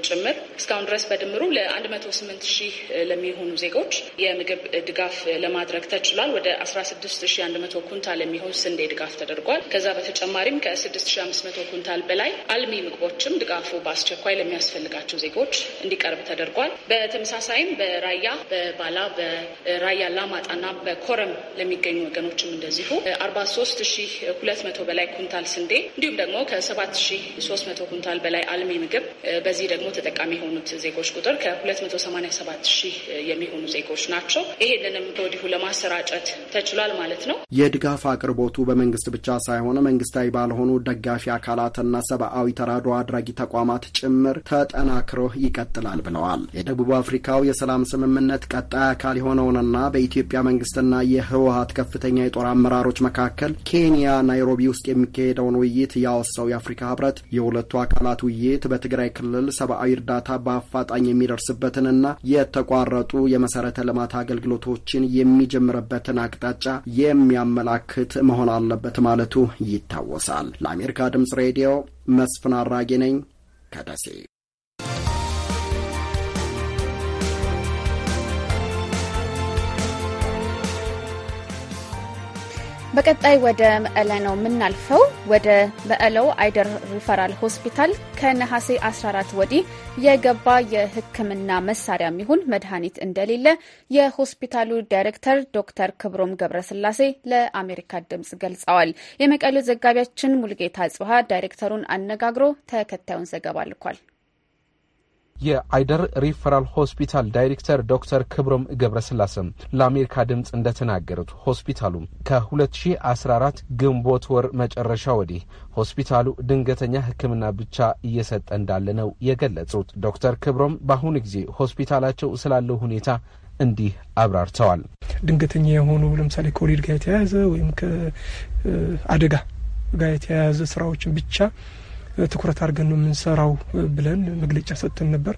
ጭምር እስከ እስካሁን ድረስ በድምሩ ለ108 ሺህ ለሚሆኑ ዜጎች የምግብ ድጋፍ ለማድረግ ተችሏል። ወደ 16100 ኩንታል የሚሆን ስንዴ ድጋፍ ተደርጓል። ከዛ በተጨማሪም ከ6500 ኩንታል በላይ አልሚ ምግቦችም ድጋፉ በአስቸኳይ ለሚያስፈልጋቸው ዜጎች እንዲቀርብ ተደርጓል። በተመሳሳይም በራያ በባላ በራያ ላማጣና በኮረም ለሚገኙ ወገኖችም እንደዚሁ 43200 በላይ ኩንታል ስንዴ እንዲሁም ደግሞ ከ7300 ኩንታል በላይ አልሚ ምግብ በዚህ ደግሞ ተጠቃሚ የሆኑ የሚሆኑት ዜጎች ቁጥር ከ287 ሺህ የሚሆኑ ዜጎች ናቸው። ይሄንንም ከወዲሁ ለማሰራጨት ተችሏል ማለት ነው። የድጋፍ አቅርቦቱ በመንግስት ብቻ ሳይሆን መንግስታዊ ባልሆኑ ደጋፊ አካላትና ሰብአዊ ተራድኦ አድራጊ ተቋማት ጭምር ተጠናክሮ ይቀጥላል ብለዋል። የደቡብ አፍሪካው የሰላም ስምምነት ቀጣይ አካል የሆነውንና በኢትዮጵያ መንግስትና የህወሀት ከፍተኛ የጦር አመራሮች መካከል ኬንያ ናይሮቢ ውስጥ የሚካሄደውን ውይይት ያወሳው የአፍሪካ ህብረት የሁለቱ አካላት ውይይት በትግራይ ክልል ሰብአዊ እርዳታ በአፋጣኝ የሚደርስበትንና የተቋረጡ የመሰረተ ልማት አገልግሎቶችን የሚጀምርበትን አቅጣጫ የሚያመላክት መሆን አለበት ማለቱ ይታወሳል። ለአሜሪካ ድምጽ ሬዲዮ መስፍን አራጌ ነኝ ከደሴ። በቀጣይ ወደ መቀለ ነው የምናልፈው። ወደ መቀለው አይደር ሪፈራል ሆስፒታል ከነሐሴ 14 ወዲህ የገባ የሕክምና መሳሪያ የሚሆን መድኃኒት እንደሌለ የሆስፒታሉ ዳይሬክተር ዶክተር ክብሮም ገብረስላሴ ለአሜሪካ ድምጽ ገልጸዋል። የመቀሌ ዘጋቢያችን ሙልጌታ ጽሀ ዳይሬክተሩን አነጋግሮ ተከታዩን ዘገባ ልኳል። የአይደር ሪፈራል ሆስፒታል ዳይሬክተር ዶክተር ክብሮም ገብረስላሰም ለአሜሪካ ድምፅ እንደተናገሩት ሆስፒታሉ ከ2014 ግንቦት ወር መጨረሻ ወዲህ ሆስፒታሉ ድንገተኛ ሕክምና ብቻ እየሰጠ እንዳለ ነው የገለጹት። ዶክተር ክብሮም በአሁኑ ጊዜ ሆስፒታላቸው ስላለው ሁኔታ እንዲህ አብራርተዋል። ድንገተኛ የሆኑ ለምሳሌ ኮቪድ ጋር የተያያዘ ወይም ከአደጋ ጋር የተያያዘ ስራዎችን ብቻ ትኩረት አድርገን ነው የምንሰራው ብለን መግለጫ ሰጥተን ነበር።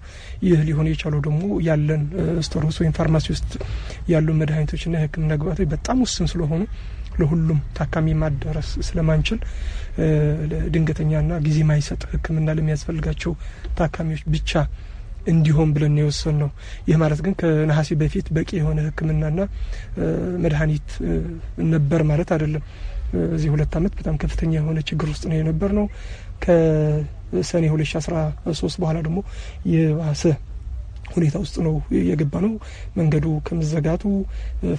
ይህ ሊሆን የቻለው ደግሞ ያለን ውስጥ ወይም ፋርማሲ ውስጥ ያሉ መድኃኒቶችና የሕክምና ግብዓቶች በጣም ውስን ስለሆኑ ለሁሉም ታካሚ ማዳረስ ስለማንችል ድንገተኛና ጊዜ ማይሰጥ ሕክምና ለሚያስፈልጋቸው ታካሚዎች ብቻ እንዲሆን ብለን የወሰን ነው። ይህ ማለት ግን ከነሐሴ በፊት በቂ የሆነ ሕክምናና መድኃኒት ነበር ማለት አይደለም። እዚህ ሁለት ዓመት በጣም ከፍተኛ የሆነ ችግር ውስጥ ነው የነበር ነው። ከሰኔ 2013 በኋላ ደግሞ የባሰ ሁኔታ ውስጥ ነው የገባ ነው። መንገዱ ከመዘጋቱ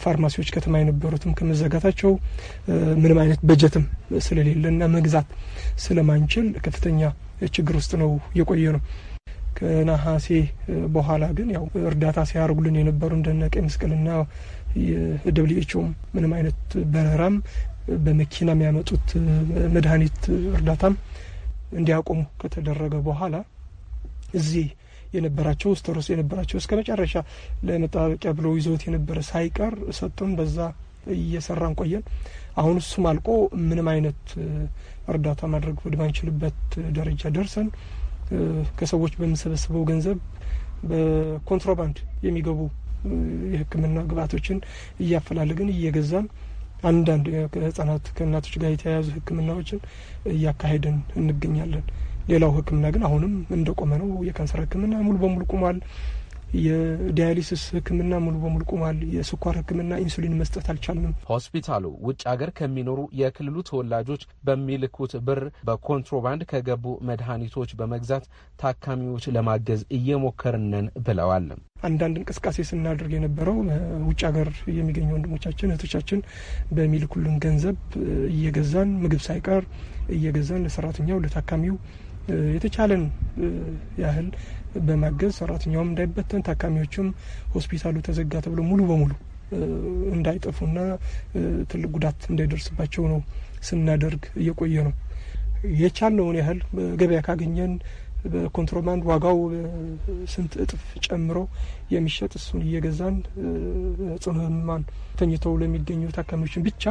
ፋርማሲዎች ከተማ የነበሩትም ከመዘጋታቸው ምንም አይነት በጀትም ስለሌለና መግዛት ስለማንችል ከፍተኛ ችግር ውስጥ ነው የቆየ ነው። ከነሐሴ በኋላ ግን ያው እርዳታ ሲያደርጉልን የነበሩ እንደነ ቀይ መስቀልና የደብሊው ምንም አይነት በረራም በመኪና የሚያመጡት መድኃኒት እርዳታም እንዲያቆሙ ከተደረገ በኋላ እዚህ የነበራቸው ውስጥ ርስ የነበራቸው እስከ መጨረሻ ለመጠባበቂያ ብሎ ይዞት የነበረ ሳይቀር ሰጡን። በዛ እየሰራን ቆየን። አሁን እሱም አልቆ ምንም አይነት እርዳታ ማድረግ ወደማንችልበት ደረጃ ደርሰን ከሰዎች በምንሰበስበው ገንዘብ በኮንትሮባንድ የሚገቡ የሕክምና ግብአቶችን እያፈላለግን እየገዛን አንዳንድ ህጻናት ከእናቶች ጋር የተያያዙ ህክምናዎችን እያካሄድን እንገኛለን። ሌላው ህክምና ግን አሁንም እንደቆመ ነው። የካንሰር ህክምና ሙሉ በሙሉ ቁሟል። የዲያሊሲስ ሕክምና ሙሉ በሙሉ ቁሟል። የስኳር ሕክምና ኢንሱሊን መስጠት አልቻልንም። ሆስፒታሉ ውጭ ሀገር ከሚኖሩ የክልሉ ተወላጆች በሚልኩት ብር በኮንትሮባንድ ከገቡ መድኃኒቶች በመግዛት ታካሚዎች ለማገዝ እየሞከርነን ብለዋል። አንዳንድ እንቅስቃሴ ስናደርግ የነበረው ውጭ ሀገር የሚገኙ ወንድሞቻችን እህቶቻችን በሚልኩልን ገንዘብ እየገዛን ምግብ ሳይቀር እየገዛን ለሰራተኛው ለታካሚው የተቻለን ያህል በማገዝ ሰራተኛውም እንዳይበተን ታካሚዎችም ሆስፒታሉ ተዘጋ ተብሎ ሙሉ በሙሉ እንዳይጠፉና ትልቅ ጉዳት እንዳይደርስባቸው ነው ስናደርግ እየቆየ ነው። የቻልነውን ያህል ገበያ ካገኘን በኮንትሮባንድ ዋጋው ስንት እጥፍ ጨምሮ የሚሸጥ እሱን እየገዛን ጽኑ ህሙማን ተኝተው ለሚገኙ ታካሚዎችን ብቻ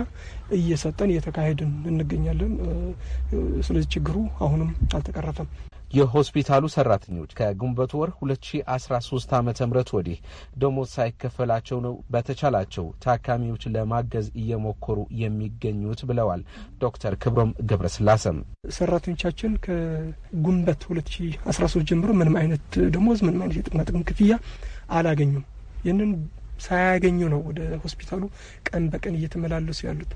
እየሰጠን እየተካሄድን እንገኛለን። ስለዚህ ችግሩ አሁንም አልተቀረፈም። የሆስፒታሉ ሰራተኞች ከግንቦት ወር 2013 ዓ ም ወዲህ ደሞዝ ሳይከፈላቸው ነው በተቻላቸው ታካሚዎች ለማገዝ እየሞከሩ የሚገኙት ብለዋል ዶክተር ክብሮም ገብረስላሰም። ሰራተኞቻችን ከግንቦት 2013 ጀምሮ ምንም አይነት ደሞዝ፣ ምንም አይነት የጥቅማ ጥቅም ክፍያ አላገኙም። ይህንን ሳያገኙ ነው ወደ ሆስፒታሉ ቀን በቀን እየተመላለሱ ያሉት።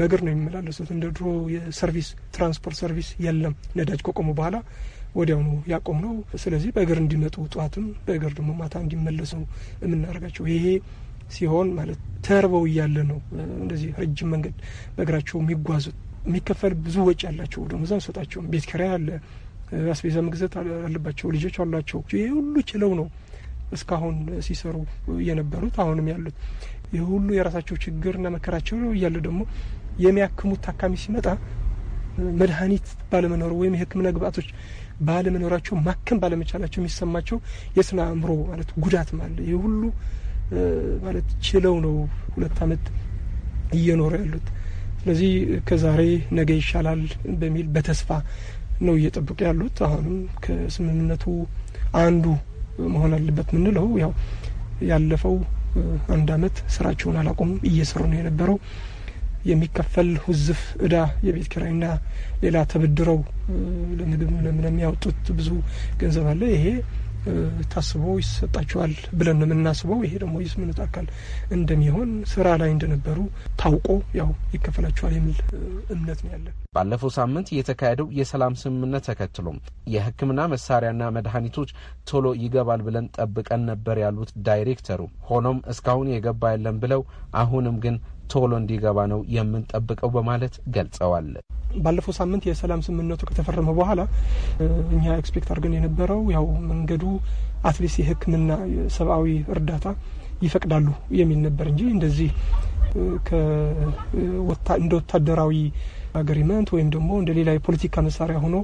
በእግር ነው የሚመላለሱት። እንደ ድሮ የሰርቪስ ትራንስፖርት ሰርቪስ የለም። ነዳጅ ከቆሙ በኋላ ወዲያውኑ ያቆም ነው። ስለዚህ በእግር እንዲመጡ ጠዋትም በእግር ደግሞ ማታ እንዲመለሱ የምናደርጋቸው ይሄ ሲሆን ማለት ተርበው እያለ ነው እንደዚህ ረጅም መንገድ በእግራቸው የሚጓዙት። የሚከፈል ብዙ ወጪ ያላቸው ደግሞ እዛ ሰጣቸውም ቤት ኪራይ አለ፣ አስቤዛ መግዛት አለባቸው፣ ልጆች አሏቸው። ይሄ ሁሉ ችለው ነው እስካሁን ሲሰሩ የነበሩት አሁንም ያሉት። ይህ ሁሉ የራሳቸው ችግርና መከራቸው እያለ ደግሞ የሚያክሙት ታካሚ ሲመጣ መድኃኒት ባለመኖሩ ወይም የሕክምና ግብአቶች ባለመኖራቸው ማከም ባለመቻላቸው የሚሰማቸው የስነ አእምሮ ማለት ጉዳት አለ። ይህ ሁሉ ማለት ችለው ነው ሁለት አመት እየኖሩ ያሉት። ስለዚህ ከዛሬ ነገ ይሻላል በሚል በተስፋ ነው እየጠበቁ ያሉት። አሁንም ከስምምነቱ አንዱ መሆን አለበት ምንለው ያው ያለፈው አንድ አመት ስራቸውን አላቆሙም እየሰሩ ነው የነበረው የሚከፈል ሁዝፍ እዳ የቤት ኪራይና ሌላ ተበድረው ለምግብ ለሚያወጡት ብዙ ገንዘብ አለ። ይሄ ታስቦ ይሰጣቸዋል ብለን ነው የምናስበው። ይሄ ደግሞ የስምነት አካል እንደሚሆን ስራ ላይ እንደነበሩ ታውቆ ያው ይከፈላቸዋል የሚል እምነት ነው ያለን። ባለፈው ሳምንት የተካሄደው የሰላም ስምምነት ተከትሎም የሕክምና መሳሪያና መድኃኒቶች ቶሎ ይገባል ብለን ጠብቀን ነበር ያሉት ዳይሬክተሩ፣ ሆኖም እስካሁን የገባ የለም ብለው አሁንም ግን ቶሎ እንዲገባ ነው የምንጠብቀው በማለት ገልጸዋል። ባለፈው ሳምንት የሰላም ስምምነቱ ከተፈረመ በኋላ እኛ ኤክስፔክት አድርገን የነበረው ያው መንገዱ አትሊስት የሕክምና ሰብአዊ እርዳታ ይፈቅዳሉ የሚል ነበር እንጂ እንደዚህ እንደ ወታደራዊ አግሪመንት ወይም ደግሞ እንደ ሌላ የፖለቲካ መሳሪያ ሆኖ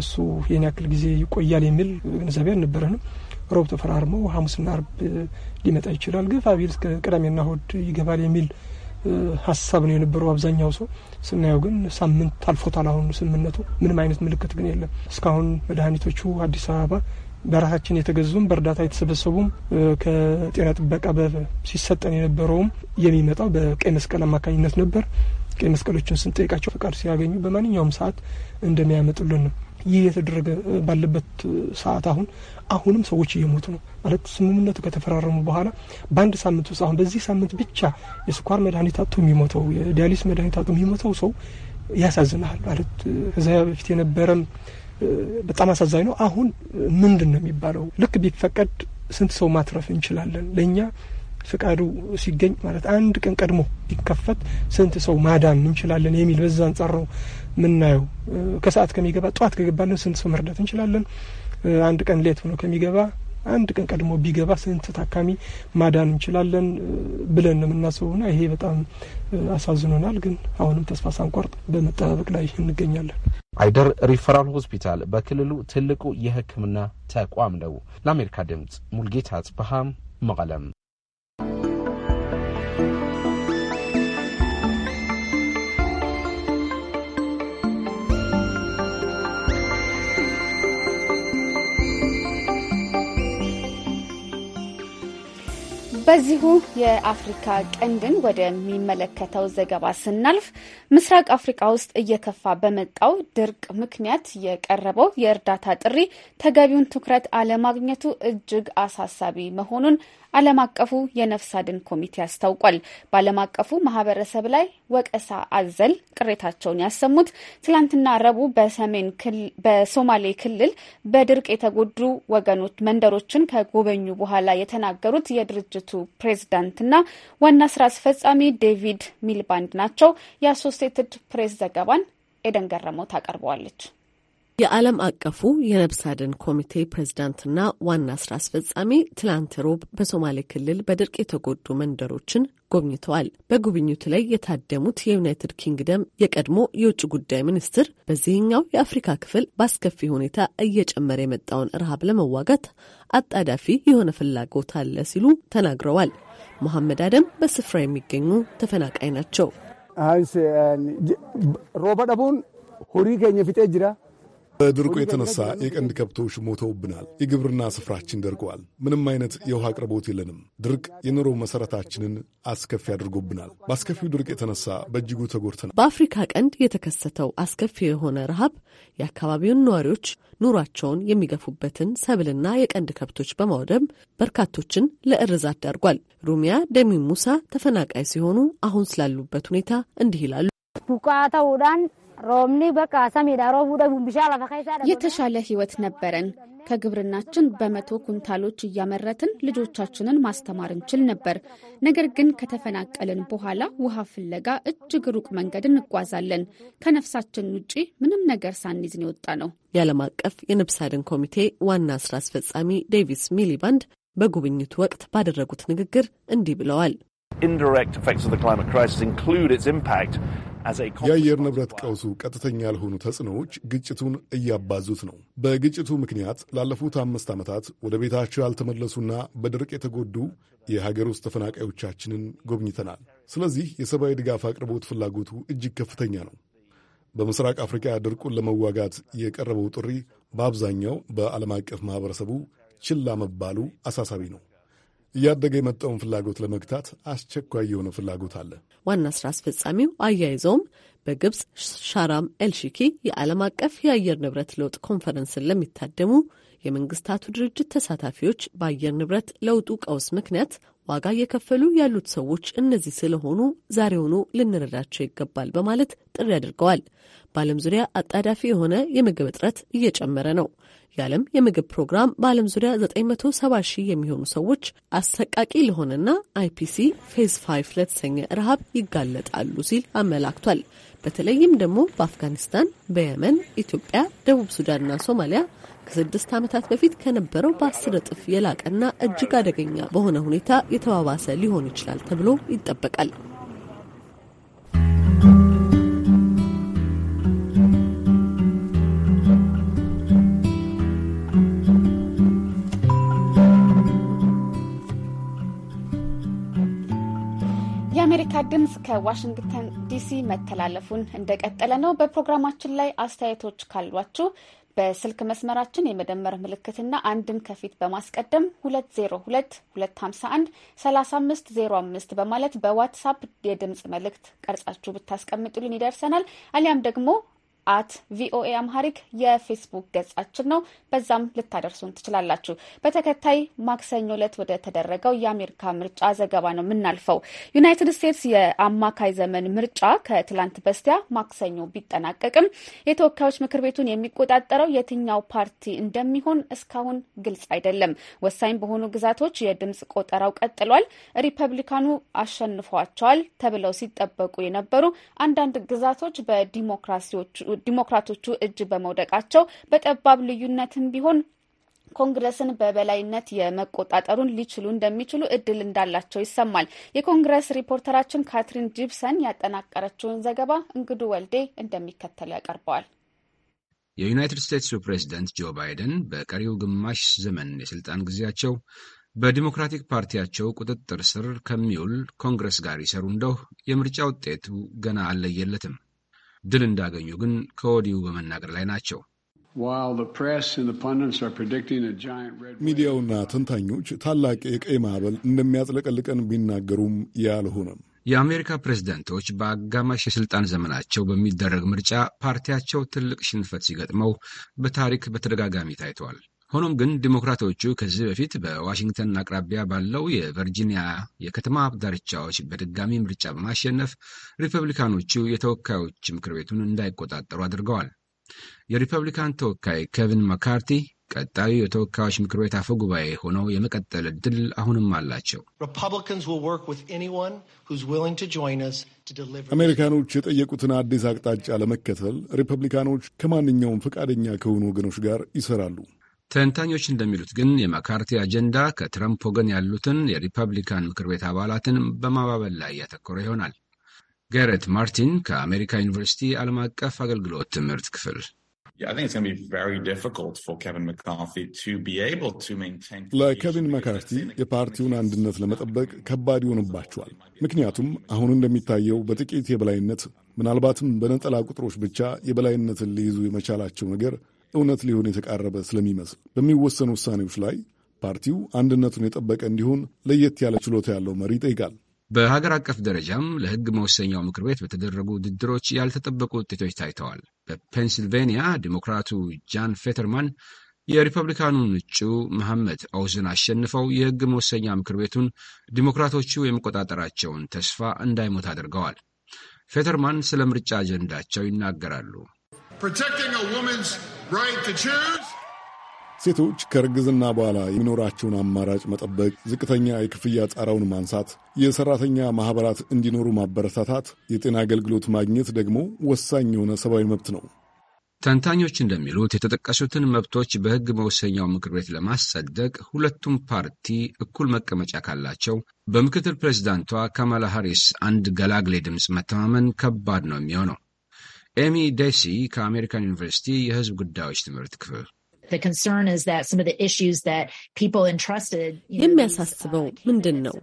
እሱ ይህን ያክል ጊዜ ይቆያል የሚል ግንዛቤ አልነበረንም። ሮብ ተፈራርመው ሐሙስና አርብ ሊመጣ ይችላል፣ ገፋ ቢል እስከ ቅዳሜና እሁድ ይገባል የሚል ሀሳብ ነው የነበረው አብዛኛው ሰው። ስናየው ግን ሳምንት አልፎታል አሁን ስምምነቱ። ምንም አይነት ምልክት ግን የለም እስካሁን። መድኃኒቶቹ አዲስ አበባ በራሳችን የተገዙም በእርዳታ የተሰበሰቡም ከጤና ጥበቃ ሲሰጠን የነበረውም የሚመጣው በቀይ መስቀል አማካኝነት ነበር። ቀይ መስቀሎችን ስንጠይቃቸው ፈቃድ ሲያገኙ በማንኛውም ሰዓት እንደሚያመጡልን ነው ይህ የተደረገ ባለበት ሰዓት አሁን አሁንም ሰዎች እየሞቱ ነው ማለት ስምምነቱ ከተፈራረሙ በኋላ በአንድ ሳምንት ውስጥ አሁን በዚህ ሳምንት ብቻ የስኳር መድኃኒት አቶ የሚሞተው የዲያሊስ መድኃኒት አቶ የሚሞተው ሰው ያሳዝናል ማለት ከዚያ በፊት የነበረም በጣም አሳዛኝ ነው። አሁን ምንድን ነው የሚባለው? ልክ ቢፈቀድ ስንት ሰው ማትረፍ እንችላለን? ለእኛ ፍቃዱ ሲገኝ ማለት አንድ ቀን ቀድሞ ቢከፈት ስንት ሰው ማዳን እንችላለን የሚል በዛ አንጻር ነው ምናየው ከሰዓት ከሚገባ ጠዋት ከገባለን ስንት ሰው መርዳት እንችላለን? አንድ ቀን ሌት ሆኖ ከሚገባ አንድ ቀን ቀድሞ ቢገባ ስንት ታካሚ ማዳን እንችላለን ብለን ነው የምናስበውና ይሄ በጣም አሳዝኖናል። ግን አሁንም ተስፋ ሳንቆርጥ በመጠባበቅ ላይ እንገኛለን። አይደር ሪፈራል ሆስፒታል በክልሉ ትልቁ የሕክምና ተቋም ነው። ለአሜሪካ ድምጽ ሙልጌታ አጽብሃም መቀለም በዚሁ የአፍሪካ ቀንድን ወደሚመለከተው ዘገባ ስናልፍ ምስራቅ አፍሪካ ውስጥ እየከፋ በመጣው ድርቅ ምክንያት የቀረበው የእርዳታ ጥሪ ተገቢውን ትኩረት አለማግኘቱ እጅግ አሳሳቢ መሆኑን ዓለም አቀፉ የነፍስ አድን ኮሚቴ አስታውቋል። በዓለም አቀፉ ማህበረሰብ ላይ ወቀሳ አዘል ቅሬታቸውን ያሰሙት ትላንትና ረቡ በሰሜን በሶማሌ ክልል በድርቅ የተጎዱ ወገኖች መንደሮችን ከጎበኙ በኋላ የተናገሩት የድርጅቱ ፕሬዝዳንትና ዋና ስራ አስፈጻሚ ዴቪድ ሚልባንድ ናቸው። የአሶሴትድ ፕሬስ ዘገባን ኤደን ገረመው ታቀርበዋለች። የዓለም አቀፉ የነፍስ አድን ኮሚቴ ፕሬዝዳንትና ዋና ስራ አስፈጻሚ ትላንት ሮብ በሶማሌ ክልል በድርቅ የተጎዱ መንደሮችን ጎብኝተዋል። በጉብኝቱ ላይ የታደሙት የዩናይትድ ኪንግደም የቀድሞ የውጭ ጉዳይ ሚኒስትር በዚህኛው የአፍሪካ ክፍል በአስከፊ ሁኔታ እየጨመረ የመጣውን ረሃብ ለመዋጋት አጣዳፊ የሆነ ፍላጎት አለ ሲሉ ተናግረዋል። መሐመድ አደም በስፍራ የሚገኙ ተፈናቃይ ናቸው። ሮባ ሁሪ ኬኛ ፊጤ ጅራ በድርቁ የተነሳ የቀንድ ከብቶች ሞተውብናል። የግብርና ስፍራችን ደርቀዋል። ምንም አይነት የውሃ አቅርቦት የለንም። ድርቅ የኑሮ መሠረታችንን አስከፊ አድርጎብናል። በአስከፊው ድርቅ የተነሳ በእጅጉ ተጎድተናል። በአፍሪካ ቀንድ የተከሰተው አስከፊ የሆነ ረሃብ የአካባቢውን ነዋሪዎች ኑሯቸውን የሚገፉበትን ሰብልና የቀንድ ከብቶች በማውደም በርካቶችን ለእርዛት ዳርጓል። ሩሚያ ደሚ ሙሳ ተፈናቃይ ሲሆኑ አሁን ስላሉበት ሁኔታ እንዲህ ይላሉ ቡቃ ተውዳን የተሻለ ህይወት ነበረን። ከግብርናችን በመቶ ኩንታሎች እያመረትን ልጆቻችንን ማስተማር እንችል ነበር። ነገር ግን ከተፈናቀልን በኋላ ውሃ ፍለጋ እጅግ ሩቅ መንገድ እንጓዛለን። ከነፍሳችን ውጪ ምንም ነገር ሳንይዝን የወጣ ነው። የዓለም አቀፍ የነፍስ አድን ኮሚቴ ዋና ስራ አስፈጻሚ ዴቪስ ሚሊባንድ በጉብኝቱ ወቅት ባደረጉት ንግግር እንዲህ ብለዋል። የአየር ንብረት ቀውሱ ቀጥተኛ ያልሆኑ ተጽዕኖዎች ግጭቱን እያባዙት ነው። በግጭቱ ምክንያት ላለፉት አምስት ዓመታት ወደ ቤታቸው ያልተመለሱና በድርቅ የተጎዱ የሀገር ውስጥ ተፈናቃዮቻችንን ጎብኝተናል። ስለዚህ የሰብአዊ ድጋፍ አቅርቦት ፍላጎቱ እጅግ ከፍተኛ ነው። በምስራቅ አፍሪካ ድርቁን ለመዋጋት የቀረበው ጥሪ በአብዛኛው በዓለም አቀፍ ማኅበረሰቡ ችላ መባሉ አሳሳቢ ነው። እያደገ የመጣውን ፍላጎት ለመግታት አስቸኳይ የሆነ ፍላጎት አለ። ዋና ስራ አስፈጻሚው አያይዘውም በግብፅ ሻራም ኤልሺኪ የዓለም አቀፍ የአየር ንብረት ለውጥ ኮንፈረንስን ለሚታደሙ የመንግስታቱ ድርጅት ተሳታፊዎች በአየር ንብረት ለውጡ ቀውስ ምክንያት ዋጋ እየከፈሉ ያሉት ሰዎች እነዚህ ስለሆኑ ዛሬውኑ ልንረዳቸው ይገባል በማለት ጥሪ አድርገዋል። በዓለም ዙሪያ አጣዳፊ የሆነ የምግብ እጥረት እየጨመረ ነው። የዓለም የምግብ ፕሮግራም በዓለም ዙሪያ 970 ሺህ የሚሆኑ ሰዎች አሰቃቂ ለሆነና አይፒሲ ፌዝ 5 ለተሰኘ ረሃብ ይጋለጣሉ ሲል አመላክቷል። በተለይም ደግሞ በአፍጋኒስታን፣ በየመን፣ ኢትዮጵያ፣ ደቡብ ሱዳንና ሶማሊያ ከስድስት ዓመታት በፊት ከነበረው በአስር እጥፍ የላቀና እጅግ አደገኛ በሆነ ሁኔታ የተባባሰ ሊሆን ይችላል ተብሎ ይጠበቃል። የአሜሪካ ድምፅ ከዋሽንግተን ዲሲ መተላለፉን እንደቀጠለ ነው። በፕሮግራማችን ላይ አስተያየቶች ካሏችሁ በስልክ መስመራችን የመደመር ምልክትና አንድን ከፊት በማስቀደም 2022513505 በማለት በዋትሳፕ የድምፅ መልእክት ቀርጻችሁ ብታስቀምጡልን ይደርሰናል። አሊያም ደግሞ አት ቪኦኤ አምሃሪክ የፌስቡክ ገጻችን ነው። በዛም ልታደርሱን ትችላላችሁ። በተከታይ ማክሰኞ ዕለት ወደ ተደረገው የአሜሪካ ምርጫ ዘገባ ነው የምናልፈው። ዩናይትድ ስቴትስ የአማካይ ዘመን ምርጫ ከትላንት በስቲያ ማክሰኞ ቢጠናቀቅም የተወካዮች ምክር ቤቱን የሚቆጣጠረው የትኛው ፓርቲ እንደሚሆን እስካሁን ግልጽ አይደለም። ወሳኝ በሆኑ ግዛቶች የድምፅ ቆጠራው ቀጥሏል። ሪፐብሊካኑ አሸንፏቸዋል ተብለው ሲጠበቁ የነበሩ አንዳንድ ግዛቶች በዲሞክራሲዎቹ ዲሞክራቶቹ እጅ በመውደቃቸው በጠባብ ልዩነትም ቢሆን ኮንግረስን በበላይነት የመቆጣጠሩን ሊችሉ እንደሚችሉ እድል እንዳላቸው ይሰማል። የኮንግረስ ሪፖርተራችን ካትሪን ጂፕሰን ያጠናቀረችውን ዘገባ እንግዱ ወልዴ እንደሚከተል ያቀርበዋል። የዩናይትድ ስቴትሱ ፕሬዚደንት ጆ ባይደን በቀሪው ግማሽ ዘመን የስልጣን ጊዜያቸው በዲሞክራቲክ ፓርቲያቸው ቁጥጥር ስር ከሚውል ኮንግረስ ጋር ይሰሩ እንደው የምርጫ ውጤቱ ገና አልለየለትም። ድል እንዳገኙ ግን ከወዲሁ በመናገር ላይ ናቸው። ሚዲያውና ተንታኞች ታላቅ የቀይ ማዕበል እንደሚያጥለቀልቀን ቢናገሩም ያልሆነም የአሜሪካ ፕሬዝደንቶች በአጋማሽ የሥልጣን ዘመናቸው በሚደረግ ምርጫ ፓርቲያቸው ትልቅ ሽንፈት ሲገጥመው በታሪክ በተደጋጋሚ ታይተዋል። ሆኖም ግን ዲሞክራቶቹ ከዚህ በፊት በዋሽንግተን አቅራቢያ ባለው የቨርጂኒያ የከተማ ዳርቻዎች በድጋሚ ምርጫ በማሸነፍ ሪፐብሊካኖቹ የተወካዮች ምክር ቤቱን እንዳይቆጣጠሩ አድርገዋል። የሪፐብሊካን ተወካይ ኬቪን መካርቲ ቀጣዩ የተወካዮች ምክር ቤት አፈ ጉባኤ ሆነው የመቀጠል እድል አሁንም አላቸው። አሜሪካኖች የጠየቁትን አዲስ አቅጣጫ ለመከተል ሪፐብሊካኖች ከማንኛውም ፈቃደኛ ከሆኑ ወገኖች ጋር ይሰራሉ። ተንታኞች እንደሚሉት ግን የመካርቲ አጀንዳ ከትረምፕ ወገን ያሉትን የሪፐብሊካን ምክር ቤት አባላትን በማባበል ላይ ያተኮረ ይሆናል። ገረት ማርቲን ከአሜሪካ ዩኒቨርሲቲ ዓለም አቀፍ አገልግሎት ትምህርት ክፍል ለኬቪን መካርቲ የፓርቲውን አንድነት ለመጠበቅ ከባድ ይሆንባቸዋል። ምክንያቱም አሁን እንደሚታየው በጥቂት የበላይነት ምናልባትም በነጠላ ቁጥሮች ብቻ የበላይነትን ሊይዙ የመቻላቸው ነገር እውነት ሊሆን የተቃረበ ስለሚመስል በሚወሰኑ ውሳኔዎች ላይ ፓርቲው አንድነቱን የጠበቀ እንዲሆን ለየት ያለ ችሎታ ያለው መሪ ይጠይቃል። በሀገር አቀፍ ደረጃም ለሕግ መወሰኛው ምክር ቤት በተደረጉ ውድድሮች ያልተጠበቁ ውጤቶች ታይተዋል። በፔንሲልቬኒያ ዲሞክራቱ ጃን ፌተርማን የሪፐብሊካኑን እጩ መሐመድ አውዝን አሸንፈው የሕግ መወሰኛ ምክር ቤቱን ዲሞክራቶቹ የመቆጣጠራቸውን ተስፋ እንዳይሞት አድርገዋል። ፌተርማን ስለ ምርጫ አጀንዳቸው ይናገራሉ። ሴቶች ከእርግዝና በኋላ የሚኖራቸውን አማራጭ መጠበቅ፣ ዝቅተኛ የክፍያ ጣራውን ማንሳት፣ የሰራተኛ ማኅበራት እንዲኖሩ ማበረታታት፣ የጤና አገልግሎት ማግኘት ደግሞ ወሳኝ የሆነ ሰብአዊ መብት ነው። ተንታኞች እንደሚሉት የተጠቀሱትን መብቶች በሕግ መወሰኛው ምክር ቤት ለማጸደቅ ሁለቱም ፓርቲ እኩል መቀመጫ ካላቸው በምክትል ፕሬዚዳንቷ ካማላ ሃሪስ አንድ ገላግሌ ድምፅ መተማመን ከባድ ነው የሚሆነው። ኤሚ ዴሲ ከአሜሪካን ዩኒቨርሲቲ የሕዝብ ጉዳዮች ትምህርት ክፍል የሚያሳስበው uh, ምንድን ነው?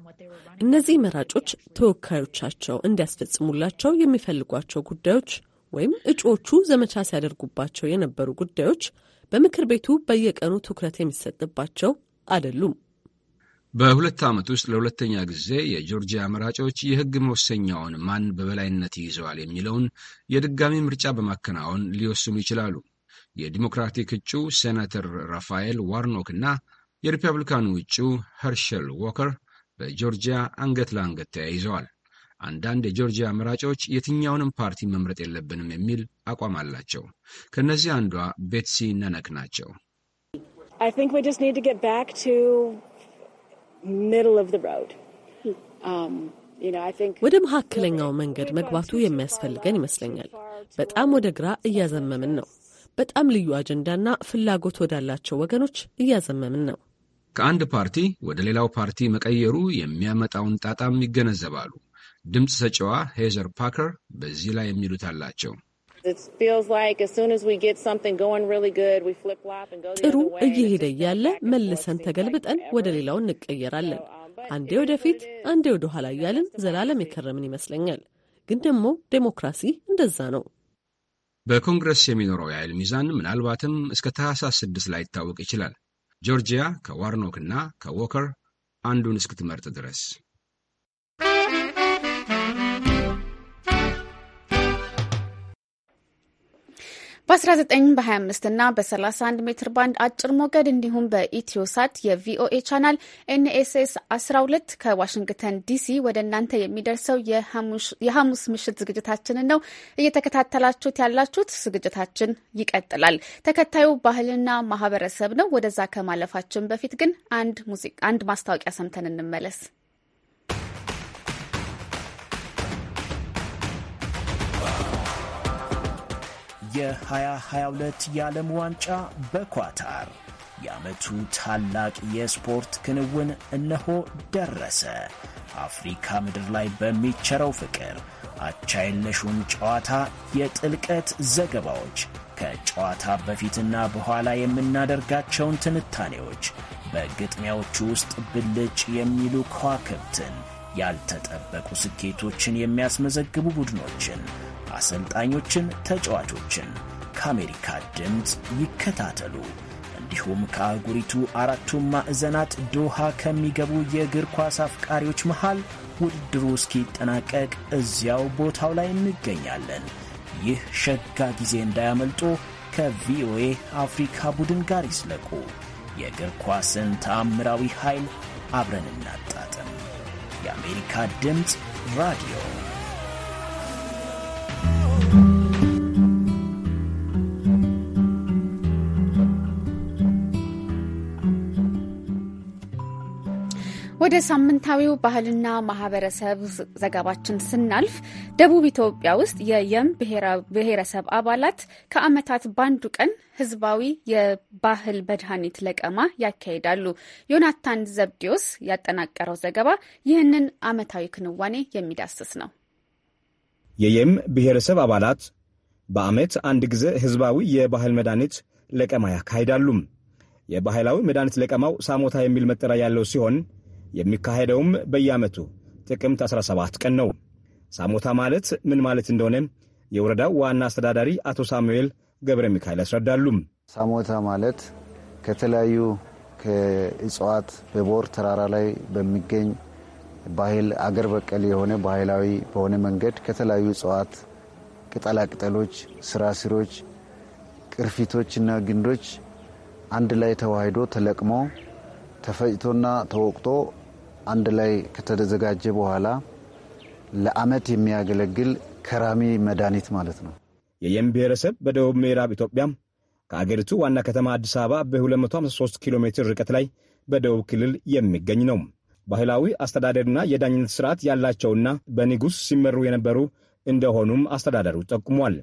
እነዚህ መራጮች ተወካዮቻቸው እንዲያስፈጽሙላቸው የሚፈልጓቸው ጉዳዮች ወይም እጩዎቹ ዘመቻ ሲያደርጉባቸው የነበሩ ጉዳዮች በምክር ቤቱ በየቀኑ ትኩረት የሚሰጥባቸው አይደሉም። በሁለት ዓመት ውስጥ ለሁለተኛ ጊዜ የጆርጂያ መራጮች የሕግ መወሰኛውን ማን በበላይነት ይይዘዋል የሚለውን የድጋሚ ምርጫ በማከናወን ሊወስኑ ይችላሉ። የዲሞክራቲክ እጩ ሴናተር ራፋኤል ዋርኖክ እና የሪፐብሊካኑ እጩ ሄርሸል ዎከር በጆርጂያ አንገት ለአንገት ተያይዘዋል። አንዳንድ የጆርጂያ መራጮች የትኛውንም ፓርቲ መምረጥ የለብንም የሚል አቋም አላቸው። ከእነዚህ አንዷ ቤትሲ ነነክ ናቸው። Hmm. Um, ወደ መካከለኛው መንገድ መግባቱ የሚያስፈልገን ይመስለኛል። በጣም ወደ ግራ እያዘመምን ነው። በጣም ልዩ አጀንዳና ፍላጎት ወዳላቸው ወገኖች እያዘመምን ነው። ከአንድ ፓርቲ ወደ ሌላው ፓርቲ መቀየሩ የሚያመጣውን ጣጣም ይገነዘባሉ። ድምፅ ሰጪዋ ሄዘር ፓከር በዚህ ላይ የሚሉት አላቸው። ጥሩ እየሄደ እያለ መልሰን ተገልብጠን ወደ ሌላው እንቀየራለን። um, አንዴ ወደፊት፣ አንዴ ወደ ኋላ እያልን ዘላለም የከረምን ይመስለኛል። ግን ደግሞ ዴሞክራሲ እንደዛ ነው። በኮንግረስ የሚኖረው የኃይል ሚዛን ምናልባትም እስከ ታህሳስ ስድስት ላይ ይታወቅ ይችላል። ጆርጂያ ከዋርኖክ እና ከዎከር አንዱን እስክትመርጥ ድረስ በ19 በ25 እና በ31 ሜትር ባንድ አጭር ሞገድ እንዲሁም በኢትዮሳት የቪኦኤ ቻናል ኤንኤስኤስ 12 ከዋሽንግተን ዲሲ ወደ እናንተ የሚደርሰው የሐሙስ ምሽት ዝግጅታችንን ነው እየተከታተላችሁት ያላችሁት። ዝግጅታችን ይቀጥላል። ተከታዩ ባህልና ማህበረሰብ ነው። ወደዛ ከማለፋችን በፊት ግን አንድ ማስታወቂያ ሰምተን እንመለስ። የ2022 የዓለም ዋንጫ በኳታር የዓመቱ ታላቅ የስፖርት ክንውን እነሆ ደረሰ። አፍሪካ ምድር ላይ በሚቸረው ፍቅር አቻ የለሹን ጨዋታ የጥልቀት ዘገባዎች ከጨዋታ በፊትና በኋላ የምናደርጋቸውን ትንታኔዎች በግጥሚያዎቹ ውስጥ ብልጭ የሚሉ ከዋክብትን፣ ያልተጠበቁ ስኬቶችን የሚያስመዘግቡ ቡድኖችን አሰልጣኞችን፣ ተጫዋቾችን ከአሜሪካ ድምፅ ይከታተሉ። እንዲሁም ከአህጉሪቱ አራቱም ማዕዘናት ዶሃ ከሚገቡ የእግር ኳስ አፍቃሪዎች መሃል ውድድሩ እስኪጠናቀቅ እዚያው ቦታው ላይ እንገኛለን። ይህ ሸጋ ጊዜ እንዳያመልጦ ከቪኦኤ አፍሪካ ቡድን ጋር ይስለቁ። የእግር ኳስን ተአምራዊ ኃይል አብረን እናጣጥም። የአሜሪካ ድምፅ ራዲዮ ወደ ሳምንታዊው ባህልና ማህበረሰብ ዘገባችን ስናልፍ ደቡብ ኢትዮጵያ ውስጥ የየም ብሔረሰብ አባላት ከዓመታት በአንዱ ቀን ህዝባዊ የባህል መድኃኒት ለቀማ ያካሂዳሉ። ዮናታን ዘብዲዮስ ያጠናቀረው ዘገባ ይህንን ዓመታዊ ክንዋኔ የሚዳስስ ነው። የየም ብሔረሰብ አባላት በዓመት አንድ ጊዜ ህዝባዊ የባህል መድኃኒት ለቀማ ያካሂዳሉ። የባህላዊ መድኃኒት ለቀማው ሳሞታ የሚል መጠሪያ ያለው ሲሆን የሚካሄደውም በየዓመቱ ጥቅምት 17 ቀን ነው። ሳሞታ ማለት ምን ማለት እንደሆነ የወረዳው ዋና አስተዳዳሪ አቶ ሳሙኤል ገብረ ሚካኤል ያስረዳሉ። ሳሞታ ማለት ከተለያዩ ከእጽዋት በቦር ተራራ ላይ በሚገኝ ባህል አገር በቀል የሆነ ባህላዊ በሆነ መንገድ ከተለያዩ እጽዋት ቅጠላቅጠሎች፣ ስራስሮች፣ ቅርፊቶችና ግንዶች አንድ ላይ ተዋህዶ ተለቅሞ ተፈጭቶና ተወቅጦ አንድ ላይ ከተዘጋጀ በኋላ ለአመት የሚያገለግል ከራሚ መድኃኒት ማለት ነው። የየም ብሔረሰብ በደቡብ ምዕራብ ኢትዮጵያ ከአገሪቱ ዋና ከተማ አዲስ አበባ በ253 ኪሎ ሜትር ርቀት ላይ በደቡብ ክልል የሚገኝ ነው። ባህላዊ አስተዳደርና የዳኝነት ስርዓት ያላቸውና በንጉሥ ሲመሩ የነበሩ እንደሆኑም አስተዳደሩ ጠቁሟል።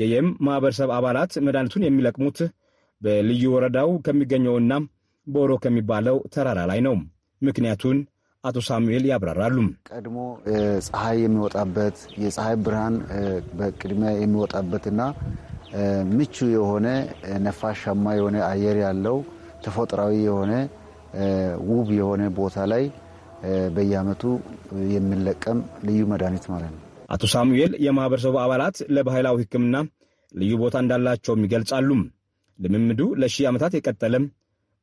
የየም ማኅበረሰብ አባላት መድኃኒቱን የሚለቅሙት በልዩ ወረዳው ከሚገኘውና ቦሮ ከሚባለው ተራራ ላይ ነው። ምክንያቱን አቶ ሳሙኤል ያብራራሉ። ቀድሞ ፀሐይ የሚወጣበት የፀሐይ ብርሃን በቅድሚያ የሚወጣበትና ምቹ የሆነ ነፋሻማ የሆነ አየር ያለው ተፈጥሯዊ የሆነ ውብ የሆነ ቦታ ላይ በየዓመቱ የሚለቀም ልዩ መድኃኒት ማለት ነው። አቶ ሳሙኤል የማህበረሰቡ አባላት ለባህላዊ ሕክምና ልዩ ቦታ እንዳላቸውም ይገልጻሉ። ልምምዱ ለሺህ ዓመታት የቀጠለም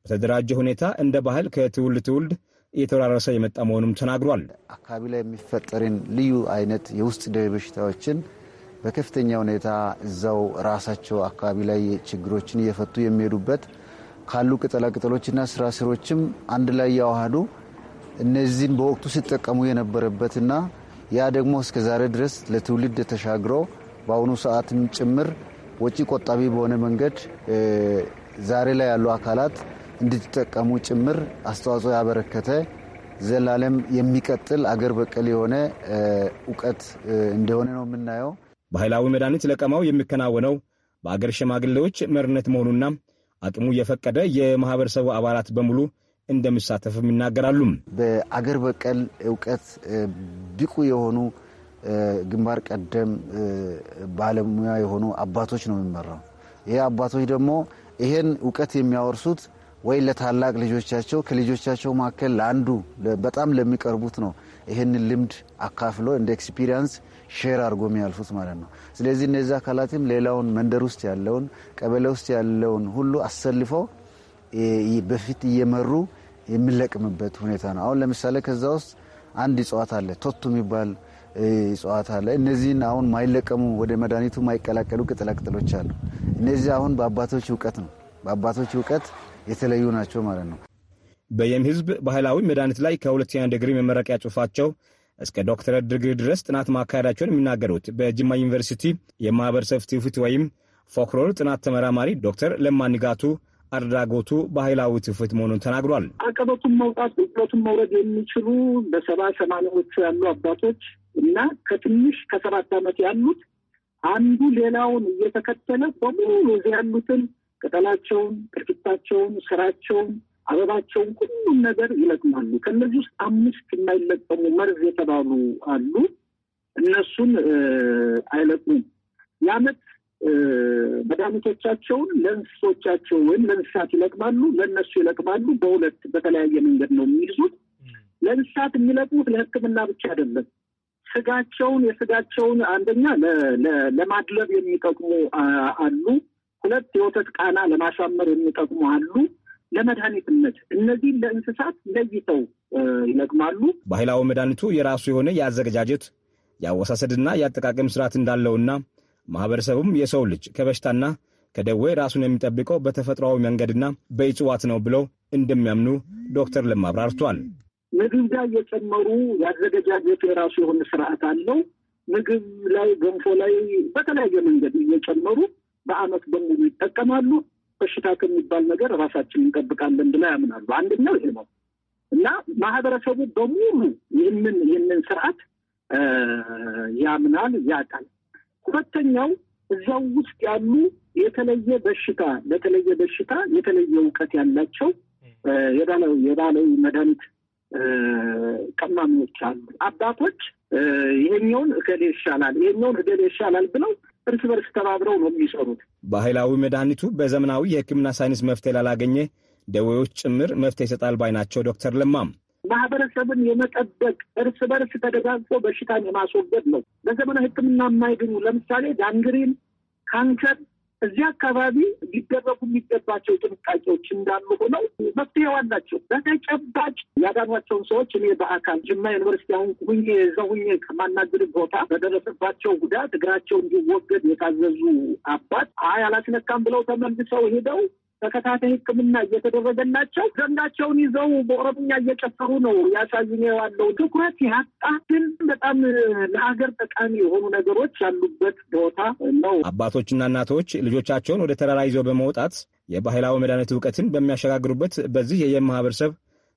በተደራጀ ሁኔታ እንደ ባህል ከትውልድ ትውልድ እየተወራረሰ የመጣ መሆኑም ተናግሯል። አካባቢ ላይ የሚፈጠርን ልዩ አይነት የውስጥ ደዌ በሽታዎችን በከፍተኛ ሁኔታ እዛው ራሳቸው አካባቢ ላይ ችግሮችን እየፈቱ የሚሄዱበት ካሉ ቅጠላቅጠሎችና ስራ ስራስሮችም አንድ ላይ ያዋህዱ እነዚህን በወቅቱ ሲጠቀሙ የነበረበትና ያ ደግሞ እስከ ዛሬ ድረስ ለትውልድ ተሻግሮ በአሁኑ ሰዓትም ጭምር ወጪ ቆጣቢ በሆነ መንገድ ዛሬ ላይ ያሉ አካላት እንድትጠቀሙ ጭምር አስተዋጽኦ ያበረከተ ዘላለም የሚቀጥል አገር በቀል የሆነ እውቀት እንደሆነ ነው የምናየው። ባህላዊ መድኃኒት ለቀማው የሚከናወነው በአገር ሽማግሌዎች መርነት መሆኑና አቅሙ የፈቀደ የማህበረሰቡ አባላት በሙሉ እንደሚሳተፍም ይናገራሉ። በአገር በቀል እውቀት ብቁ የሆኑ ግንባር ቀደም ባለሙያ የሆኑ አባቶች ነው የሚመራው። ይሄ አባቶች ደግሞ ይሄን እውቀት የሚያወርሱት ወይ ለታላቅ ልጆቻቸው ከልጆቻቸው መካከል ለአንዱ በጣም ለሚቀርቡት ነው ይህንን ልምድ አካፍሎ እንደ ኤክስፒሪንስ ሼር አድርጎ የሚያልፉት ማለት ነው። ስለዚህ እነዚህ አካላትም ሌላውን መንደር ውስጥ ያለውን ቀበሌ ውስጥ ያለውን ሁሉ አሰልፈው በፊት እየመሩ የሚለቅምበት ሁኔታ ነው። አሁን ለምሳሌ ከዛ ውስጥ አንድ እጽዋት አለ ቶቱ የሚባል እጽዋት አለ። እነዚህን አሁን ማይለቀሙ ወደ መድኃኒቱ ማይቀላቀሉ ቅጠላቅጠሎች አሉ። እነዚህ አሁን በአባቶች እውቀት ነው በአባቶች እውቀት የተለዩ ናቸው ማለት ነው። በየም ህዝብ ባህላዊ መድኃኒት ላይ ከሁለተኛ ዲግሪ መመረቂያ ጽፋቸው እስከ ዶክተር ድግሪ ድረስ ጥናት ማካሄዳቸውን የሚናገሩት በጅማ ዩኒቨርሲቲ የማህበረሰብ ትውፊት ወይም ፎክሎር ጥናት ተመራማሪ ዶክተር ለማንጋቱ አድራጎቱ ባህላዊ ትውፊት መሆኑን ተናግሯል። አቀበቱን መውጣት ቁልቁለቱን መውረድ የሚችሉ በሰባ ሰማንያዎቹ ያሉ አባቶች እና ከትንሽ ከሰባት ዓመት ያሉት አንዱ ሌላውን እየተከተለ በሙሉ ያሉትን ቅጠላቸውን፣ ቅርፊታቸውን፣ ስራቸውን፣ አበባቸውን ሁሉም ነገር ይለቅማሉ። ከእነዚህ ውስጥ አምስት የማይለቀሙ መርዝ የተባሉ አሉ። እነሱን አይለቅሙም። የአመት መድኃኒቶቻቸውን ለእንስሶቻቸው ወይም ለእንስሳት ይለቅማሉ፣ ለእነሱ ይለቅማሉ። በሁለት በተለያየ መንገድ ነው የሚይዙት። ለእንስሳት የሚለቅሙት ለሕክምና ብቻ አይደለም። ስጋቸውን የስጋቸውን አንደኛ ለማድለብ የሚጠቅሙ አሉ። ሁለት የወተት ቃና ለማሳመር የሚጠቅሙ አሉ ለመድኃኒትነት እነዚህ ለእንስሳት ለይተው ይለቅማሉ። ባህላዊ መድኃኒቱ የራሱ የሆነ የአዘገጃጀት የአወሳሰድና የአጠቃቀም ስርዓት እንዳለውና ማህበረሰቡም የሰው ልጅ ከበሽታና ከደዌ ራሱን የሚጠብቀው በተፈጥሯዊ መንገድና በእጽዋት ነው ብለው እንደሚያምኑ ዶክተር ለማብራርቷል። ምግብ ላይ የጨመሩ የአዘገጃጀቱ የራሱ የሆነ ስርዓት አለው። ምግብ ላይ ገንፎ ላይ በተለያየ መንገድ እየጨመሩ በአመት በሙሉ ይጠቀማሉ። በሽታ ከሚባል ነገር ራሳችን እንጠብቃለን ብላ ያምናሉ። አንደኛው ይሄ ነው እና ማህበረሰቡ በሙሉ ይህንን ይህንን ስርዓት ያምናል፣ ያውቃል። ሁለተኛው እዚያው ውስጥ ያሉ የተለየ በሽታ ለተለየ በሽታ የተለየ እውቀት ያላቸው የባህላዊ መድኒት መድኃኒት ቀማሚዎች አሉ። አባቶች ይሄኛውን እገሌ ይሻላል፣ ይሄኛውን እገሌ ይሻላል ብለው እርስ በርስ ተባብረው ነው የሚሰሩት። ባህላዊ መድኃኒቱ በዘመናዊ የሕክምና ሳይንስ መፍትሄ ላላገኘ ደዌዎች ጭምር መፍትሄ ይሰጣል ባይ ናቸው ዶክተር ለማም። ማህበረሰብን የመጠበቅ እርስ በርስ ተደጋግፎ በሽታን የማስወገድ ነው። በዘመናዊ ሕክምና የማይድኑ ለምሳሌ ዳንግሪን፣ ካንሰር እዚህ አካባቢ ሊደረጉ የሚገባቸው ጥንቃቄዎች እንዳሉ ሆነው መፍትሄ ዋናቸው በተጨባጭ ያዳኗቸውን ሰዎች እኔ በአካል ጅማ ዩኒቨርሲቲ አሁን ሁኜ እዛ ሁኜ ከማናገር ቦታ በደረሰባቸው ጉዳት እግራቸው እንዲወገድ የታዘዙ አባት አይ አላስነካም ብለው ተመልሰው ሄደው ተከታታይ ሕክምና እየተደረገላቸው ዘንጋቸውን ይዘው በኦሮምኛ እየጨፈሩ ነው ያሳዝኘ ያለው ትኩረት ያጣ ግን በጣም ለሀገር ጠቃሚ የሆኑ ነገሮች ያሉበት ቦታ ነው። አባቶችና እናቶች ልጆቻቸውን ወደ ተራራ ይዘው በመውጣት የባህላዊ መድኃኒት እውቀትን በሚያሸጋግሩበት በዚህ የየም ማህበረሰብ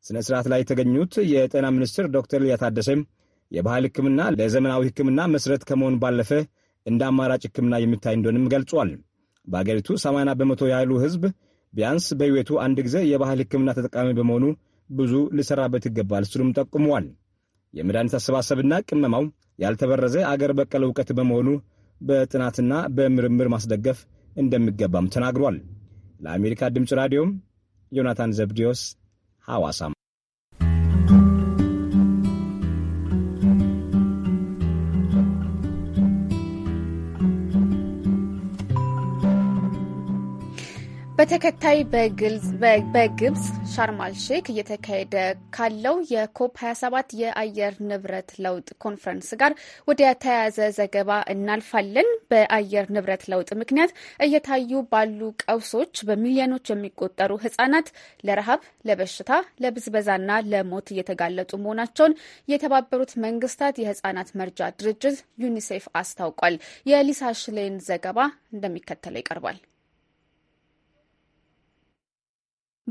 ስነ ስርዓት ላይ የተገኙት የጤና ሚኒስትር ዶክተር ሊያ ታደሰም የባህል ሕክምና ለዘመናዊ ሕክምና መሰረት ከመሆን ባለፈ እንደ አማራጭ ሕክምና የሚታይ እንደሆንም ገልጿል። በአገሪቱ 80 በመቶ ያህሉ ህዝብ ቢያንስ በቤቱ አንድ ጊዜ የባህል ሕክምና ተጠቃሚ በመሆኑ ብዙ ሊሰራበት ይገባል ሲሉም ጠቁመዋል። የመድኃኒት አሰባሰብና ቅመማው ያልተበረዘ አገር በቀል እውቀት በመሆኑ በጥናትና በምርምር ማስደገፍ እንደሚገባም ተናግሯል። ለአሜሪካ ድምፅ ራዲዮም ዮናታን ዘብዲዮስ ሐዋሳም በተከታይ በግብጽ ሻርማል ሼክ እየተካሄደ ካለው የኮፕ 27 የአየር ንብረት ለውጥ ኮንፈረንስ ጋር ወደ ተያያዘ ዘገባ እናልፋለን። በአየር ንብረት ለውጥ ምክንያት እየታዩ ባሉ ቀውሶች በሚሊዮኖች የሚቆጠሩ ህጻናት ለረሃብ፣ ለበሽታ፣ ለብዝበዛና ለሞት እየተጋለጡ መሆናቸውን የተባበሩት መንግስታት የህጻናት መርጃ ድርጅት ዩኒሴፍ አስታውቋል። የሊሳ ሽሌን ዘገባ እንደሚከተለው ይቀርባል።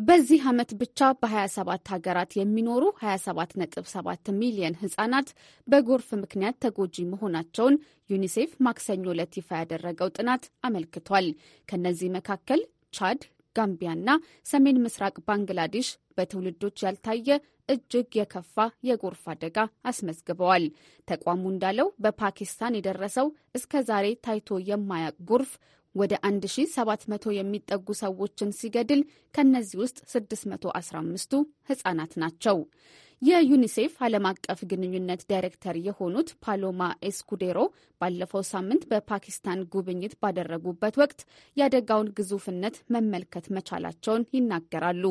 በዚህ ዓመት ብቻ በ27 ሀገራት የሚኖሩ 27.7 ሚሊየን ህጻናት በጎርፍ ምክንያት ተጎጂ መሆናቸውን ዩኒሴፍ ማክሰኞ ዕለት ይፋ ያደረገው ጥናት አመልክቷል። ከእነዚህ መካከል ቻድ፣ ጋምቢያና ሰሜን ምስራቅ ባንግላዴሽ በትውልዶች ያልታየ እጅግ የከፋ የጎርፍ አደጋ አስመዝግበዋል። ተቋሙ እንዳለው በፓኪስታን የደረሰው እስከ ዛሬ ታይቶ የማያውቅ ጎርፍ ወደ 1700 የሚጠጉ ሰዎችን ሲገድል ከነዚህ ውስጥ 615ቱ ህጻናት ናቸው። የዩኒሴፍ ዓለም አቀፍ ግንኙነት ዳይሬክተር የሆኑት ፓሎማ ኤስኩዴሮ ባለፈው ሳምንት በፓኪስታን ጉብኝት ባደረጉበት ወቅት የአደጋውን ግዙፍነት መመልከት መቻላቸውን ይናገራሉ።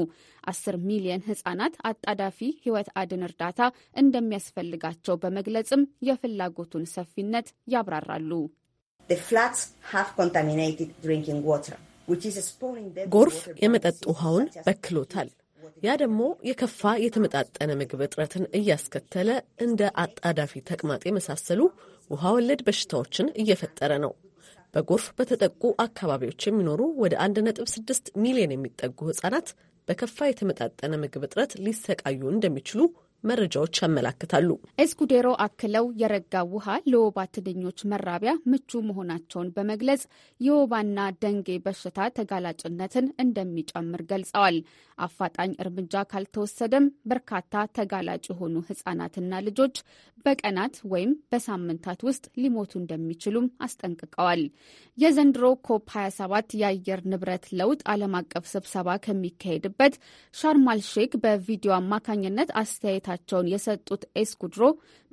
አስር ሚሊየን ህጻናት አጣዳፊ ህይወት አድን እርዳታ እንደሚያስፈልጋቸው በመግለጽም የፍላጎቱን ሰፊነት ያብራራሉ። ጎርፍ የመጠጥ ውሃውን በክሎታል። ያ ደግሞ የከፋ የተመጣጠነ ምግብ እጥረትን እያስከተለ እንደ አጣዳፊ ተቅማጥ የመሳሰሉ ውሃ ወለድ በሽታዎችን እየፈጠረ ነው። በጎርፍ በተጠቁ አካባቢዎች የሚኖሩ ወደ 1.6 ሚሊዮን የሚጠጉ ህጻናት በከፋ የተመጣጠነ ምግብ እጥረት ሊሰቃዩ እንደሚችሉ መረጃዎች ያመላክታሉ። ኤስኩዴሮ አክለው የረጋ ውሃ ለወባ ትንኞች መራቢያ ምቹ መሆናቸውን በመግለጽ የወባና ደንጌ በሽታ ተጋላጭነትን እንደሚጨምር ገልጸዋል። አፋጣኝ እርምጃ ካልተወሰደም በርካታ ተጋላጭ የሆኑ ህጻናትና ልጆች በቀናት ወይም በሳምንታት ውስጥ ሊሞቱ እንደሚችሉም አስጠንቅቀዋል። የዘንድሮ ኮፕ 27 የአየር ንብረት ለውጥ ዓለም አቀፍ ስብሰባ ከሚካሄድበት ሻርማል ሼክ በቪዲዮ አማካኝነት አስተያየት አስተያየታቸውን የሰጡት ኤስኩድሮ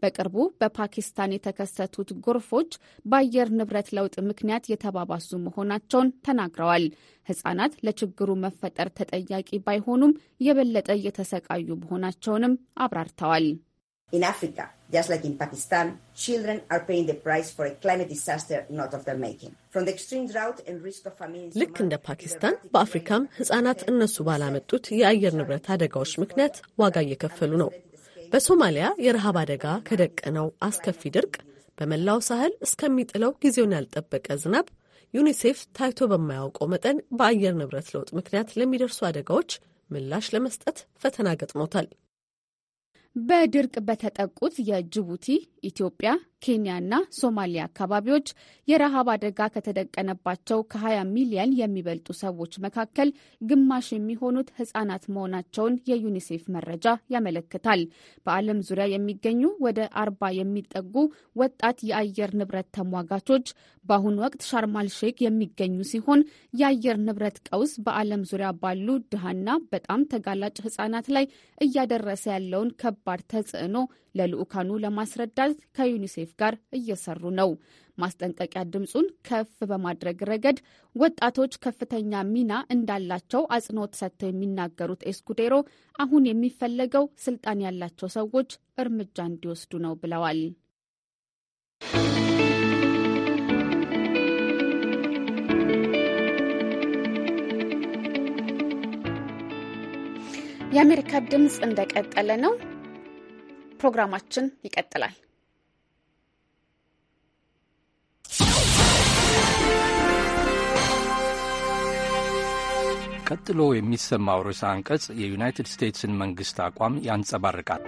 በቅርቡ በፓኪስታን የተከሰቱት ጎርፎች በአየር ንብረት ለውጥ ምክንያት የተባባሱ መሆናቸውን ተናግረዋል። ሕጻናት ለችግሩ መፈጠር ተጠያቂ ባይሆኑም የበለጠ እየተሰቃዩ መሆናቸውንም አብራርተዋል። In Africa, just like in Pakistan, children are paying the price for a climate disaster not of their making. ልክ እንደ ፓኪስታን በአፍሪካም ሕጻናት እነሱ ባላመጡት የአየር ንብረት አደጋዎች ምክንያት ዋጋ እየከፈሉ ነው። በሶማሊያ የረሃብ አደጋ ከደቀነው አስከፊ ድርቅ በመላው ሳህል እስከሚጥለው ጊዜውን ያልጠበቀ ዝናብ ዩኒሴፍ ታይቶ በማያውቀው መጠን በአየር ንብረት ለውጥ ምክንያት ለሚደርሱ አደጋዎች ምላሽ ለመስጠት ፈተና ገጥሞታል። በድርቅ በተጠቁት የጅቡቲ ኢትዮጵያ፣ ኬንያ እና ሶማሊያ አካባቢዎች የረሃብ አደጋ ከተደቀነባቸው ከ20 ሚሊየን የሚበልጡ ሰዎች መካከል ግማሽ የሚሆኑት ህጻናት መሆናቸውን የዩኒሴፍ መረጃ ያመለክታል። በዓለም ዙሪያ የሚገኙ ወደ አርባ የሚጠጉ ወጣት የአየር ንብረት ተሟጋቾች በአሁኑ ወቅት ሻርማል ሼክ የሚገኙ ሲሆን የአየር ንብረት ቀውስ በዓለም ዙሪያ ባሉ ድሃና በጣም ተጋላጭ ህጻናት ላይ እያደረሰ ያለውን ከባድ ተጽዕኖ ለልዑካኑ ለማስረዳት ቃል ከዩኒሴፍ ጋር እየሰሩ ነው። ማስጠንቀቂያ ድምፁን ከፍ በማድረግ ረገድ ወጣቶች ከፍተኛ ሚና እንዳላቸው አጽንኦት ሰጥተው የሚናገሩት ኤስኩዴሮ አሁን የሚፈለገው ስልጣን ያላቸው ሰዎች እርምጃ እንዲወስዱ ነው ብለዋል። የአሜሪካ ድምፅ እንደቀጠለ ነው። ፕሮግራማችን ይቀጥላል። ቀጥሎ የሚሰማው ርዕሰ አንቀጽ የዩናይትድ ስቴትስን መንግሥት አቋም ያንጸባርቃል።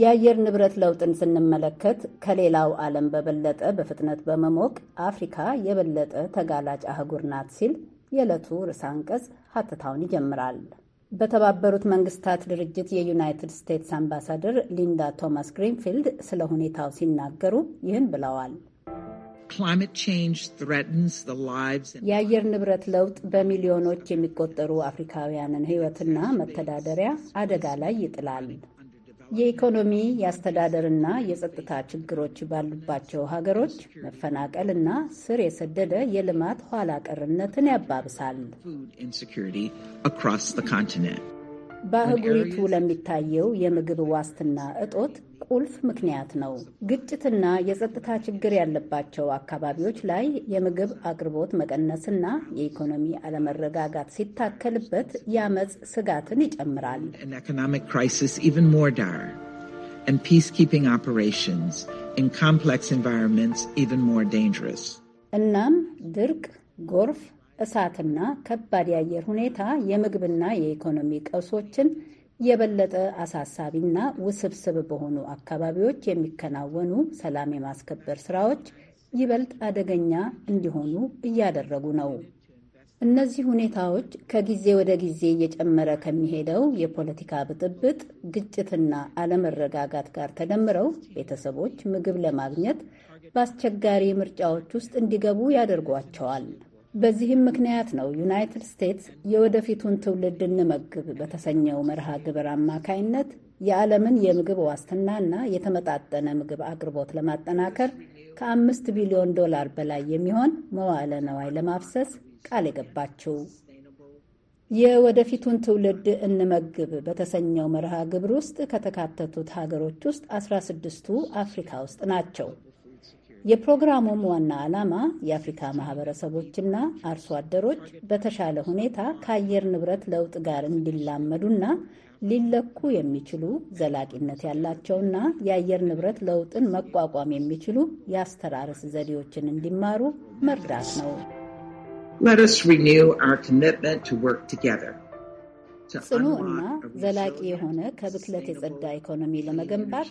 የአየር ንብረት ለውጥን ስንመለከት ከሌላው ዓለም በበለጠ በፍጥነት በመሞቅ አፍሪካ የበለጠ ተጋላጭ አህጉር ናት ሲል የዕለቱ ርዕሰ አንቀጽ ሀተታውን ይጀምራል። በተባበሩት መንግስታት ድርጅት የዩናይትድ ስቴትስ አምባሳደር ሊንዳ ቶማስ ግሪንፊልድ ስለ ሁኔታው ሲናገሩ ይህን ብለዋል። የአየር ንብረት ለውጥ በሚሊዮኖች የሚቆጠሩ አፍሪካውያንን ሕይወትና መተዳደሪያ አደጋ ላይ ይጥላል። የኢኮኖሚ የአስተዳደርና የጸጥታ ችግሮች ባሉባቸው ሀገሮች መፈናቀልና ስር የሰደደ የልማት ኋላ ቀርነትን ያባብሳል። በአህጉሪቱ ለሚታየው የምግብ ዋስትና እጦት ቁልፍ ምክንያት ነው። ግጭትና የጸጥታ ችግር ያለባቸው አካባቢዎች ላይ የምግብ አቅርቦት መቀነስና የኢኮኖሚ አለመረጋጋት ሲታከልበት የአመፅ ስጋትን ይጨምራል። እናም ድርቅ፣ ጎርፍ፣ እሳትና ከባድ የአየር ሁኔታ የምግብና የኢኮኖሚ ቀውሶችን የበለጠ አሳሳቢና ውስብስብ በሆኑ አካባቢዎች የሚከናወኑ ሰላም የማስከበር ስራዎች ይበልጥ አደገኛ እንዲሆኑ እያደረጉ ነው። እነዚህ ሁኔታዎች ከጊዜ ወደ ጊዜ እየጨመረ ከሚሄደው የፖለቲካ ብጥብጥ፣ ግጭትና አለመረጋጋት ጋር ተደምረው ቤተሰቦች ምግብ ለማግኘት በአስቸጋሪ ምርጫዎች ውስጥ እንዲገቡ ያደርጓቸዋል። በዚህም ምክንያት ነው ዩናይትድ ስቴትስ የወደፊቱን ትውልድ እንመግብ በተሰኘው መርሃ ግብር አማካይነት የዓለምን የምግብ ዋስትናና የተመጣጠነ ምግብ አቅርቦት ለማጠናከር ከአምስት ቢሊዮን ዶላር በላይ የሚሆን መዋለ ነዋይ ለማፍሰስ ቃል የገባችው። የወደፊቱን ትውልድ እንመግብ በተሰኘው መርሃ ግብር ውስጥ ከተካተቱት ሀገሮች ውስጥ አስራስድስቱ አፍሪካ ውስጥ ናቸው። የፕሮግራሙም ዋና ዓላማ የአፍሪካ ማህበረሰቦችና አርሶ አደሮች በተሻለ ሁኔታ ከአየር ንብረት ለውጥ ጋር እንዲላመዱና ሊለኩ የሚችሉ ዘላቂነት ያላቸውና የአየር ንብረት ለውጥን መቋቋም የሚችሉ የአስተራረስ ዘዴዎችን እንዲማሩ መርዳት ነው። ጽኑ እና ዘላቂ የሆነ ከብክለት የጸዳ ኢኮኖሚ ለመገንባት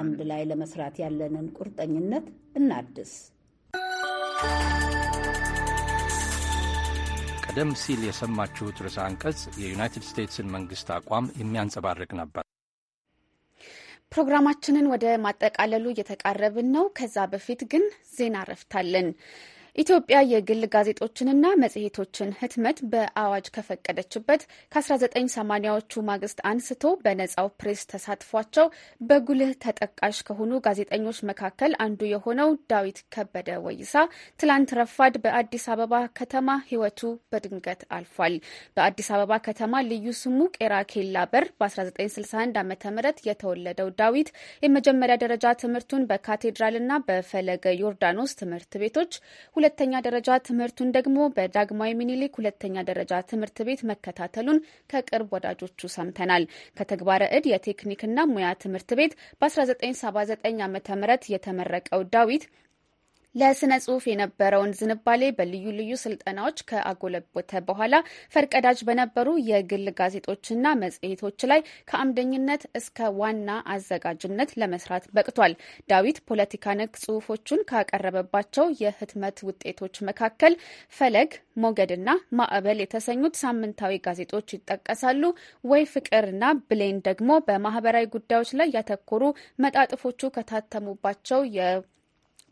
አንድ ላይ ለመስራት ያለንን ቁርጠኝነት እናድስ። ቀደም ሲል የሰማችሁት ርዕሰ አንቀጽ የዩናይትድ ስቴትስን መንግስት አቋም የሚያንጸባርቅ ነበር። ፕሮግራማችንን ወደ ማጠቃለሉ እየተቃረብን ነው። ከዛ በፊት ግን ዜና ረፍታለን። ኢትዮጵያ የግል ጋዜጦችንና መጽሔቶችን ህትመት በአዋጅ ከፈቀደችበት ከ1980ዎቹ ማግስት አንስቶ በነጻው ፕሬስ ተሳትፏቸው በጉልህ ተጠቃሽ ከሆኑ ጋዜጠኞች መካከል አንዱ የሆነው ዳዊት ከበደ ወይሳ ትላንት ረፋድ በአዲስ አበባ ከተማ ህይወቱ በድንገት አልፏል። በአዲስ አበባ ከተማ ልዩ ስሙ ቄራ ኬላ በር በ1961 ዓ ም የተወለደው ዳዊት የመጀመሪያ ደረጃ ትምህርቱን በካቴድራልና በፈለገ ዮርዳኖስ ትምህርት ቤቶች ሁለተኛ ደረጃ ትምህርቱን ደግሞ በዳግማዊ ሚኒሊክ ሁለተኛ ደረጃ ትምህርት ቤት መከታተሉን ከቅርብ ወዳጆቹ ሰምተናል። ከተግባረ እድ የቴክኒክና ሙያ ትምህርት ቤት በ1979 ዓ ም የተመረቀው ዳዊት ለስነ ጽሁፍ የነበረውን ዝንባሌ በልዩ ልዩ ስልጠናዎች ከአጎለበተ በኋላ ፈርቀዳጅ በነበሩ የግል ጋዜጦችና መጽሔቶች ላይ ከአምደኝነት እስከ ዋና አዘጋጅነት ለመስራት በቅቷል። ዳዊት ፖለቲካ ነክ ጽሁፎቹን ካቀረበባቸው የህትመት ውጤቶች መካከል ፈለግ፣ ሞገድና ማዕበል የተሰኙት ሳምንታዊ ጋዜጦች ይጠቀሳሉ። ወይ ፍቅርና ብሌን ደግሞ በማህበራዊ ጉዳዮች ላይ ያተኮሩ መጣጥፎቹ ከታተሙባቸው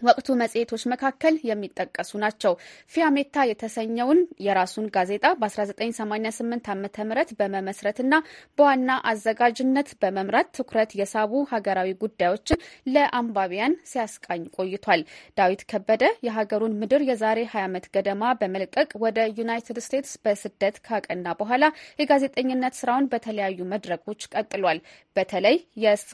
ወቅቱ መጽሔቶች መካከል የሚጠቀሱ ናቸው። ፊያሜታ የተሰኘውን የራሱን ጋዜጣ በ1988 ዓ ም በመመስረትና በዋና አዘጋጅነት በመምራት ትኩረት የሳቡ ሀገራዊ ጉዳዮችን ለአንባቢያን ሲያስቃኝ ቆይቷል። ዳዊት ከበደ የሀገሩን ምድር የዛሬ 20 ዓመት ገደማ በመልቀቅ ወደ ዩናይትድ ስቴትስ በስደት ካቀና በኋላ የጋዜጠኝነት ስራውን በተለያዩ መድረኮች ቀጥሏል። በተለይ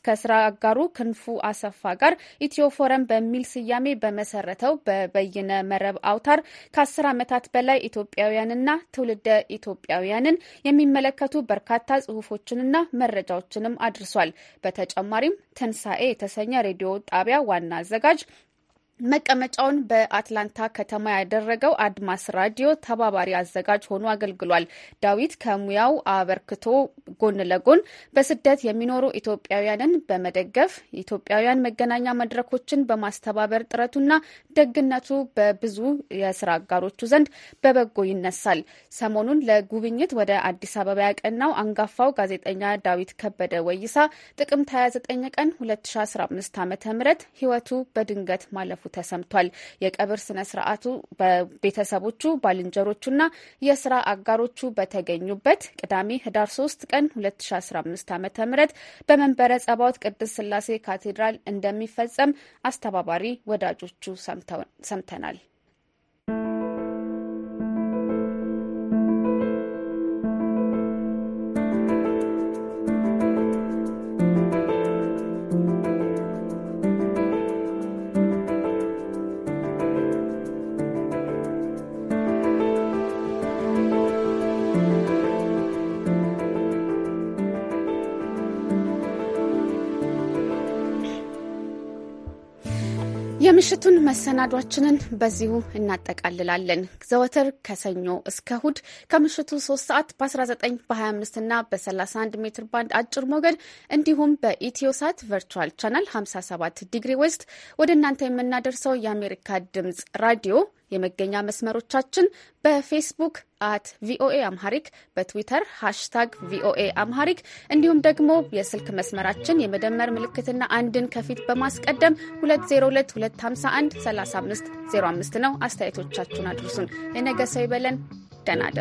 ከስራ አጋሩ ክንፉ አሰፋ ጋር ኢትዮ ፎረም በሚል ስያ ቅዳሜ በመሰረተው በበይነ መረብ አውታር ከአስር ዓመታት በላይ ኢትዮጵያውያንና ትውልደ ኢትዮጵያውያንን የሚመለከቱ በርካታ ጽሁፎችንና መረጃዎችንም አድርሷል። በተጨማሪም ትንሳኤ የተሰኘ ሬዲዮ ጣቢያ ዋና አዘጋጅ መቀመጫውን በአትላንታ ከተማ ያደረገው አድማስ ራዲዮ ተባባሪ አዘጋጅ ሆኖ አገልግሏል። ዳዊት ከሙያው አበርክቶ ጎን ለጎን በስደት የሚኖሩ ኢትዮጵያውያንን በመደገፍ የኢትዮጵያውያን መገናኛ መድረኮችን በማስተባበር ጥረቱና ደግነቱ በብዙ የስራ አጋሮቹ ዘንድ በበጎ ይነሳል። ሰሞኑን ለጉብኝት ወደ አዲስ አበባ ያቀናው አንጋፋው ጋዜጠኛ ዳዊት ከበደ ወይሳ ጥቅምት 29 ቀን 2015 ዓ ም ህይወቱ በድንገት ማለፉ ተሰምቷል። የቀብር ስነ ስርዓቱ በቤተሰቦቹ ባልንጀሮቹና የስራ አጋሮቹ በተገኙበት ቅዳሜ ህዳር 3 ቀን 2015 ዓ ም በመንበረ ጸባዖት ቅድስት ስላሴ ካቴድራል እንደሚፈጸም አስተባባሪ ወዳጆቹ ሰምተናል። የምሽቱን መሰናዷችንን በዚሁ እናጠቃልላለን። ዘወትር ከሰኞ እስከ እሁድ ከምሽቱ 3 ሰዓት በ19 በ25 እና በ31 ሜትር ባንድ አጭር ሞገድ እንዲሁም በኢትዮሳት ቨርቹዋል ቻናል 57 ዲግሪ ዌስት ወደ እናንተ የምናደርሰው የአሜሪካ ድምፅ ራዲዮ የመገኛ መስመሮቻችን በፌስቡክ አት ቪኦኤ አምሃሪክ በትዊተር ሃሽታግ ቪኦኤ አምሃሪክ እንዲሁም ደግሞ የስልክ መስመራችን የመደመር ምልክትና አንድን ከፊት በማስቀደም 2022513505 ነው። አስተያየቶቻችሁን አድርሱን። የነገ ሰው ይበለን። ደህና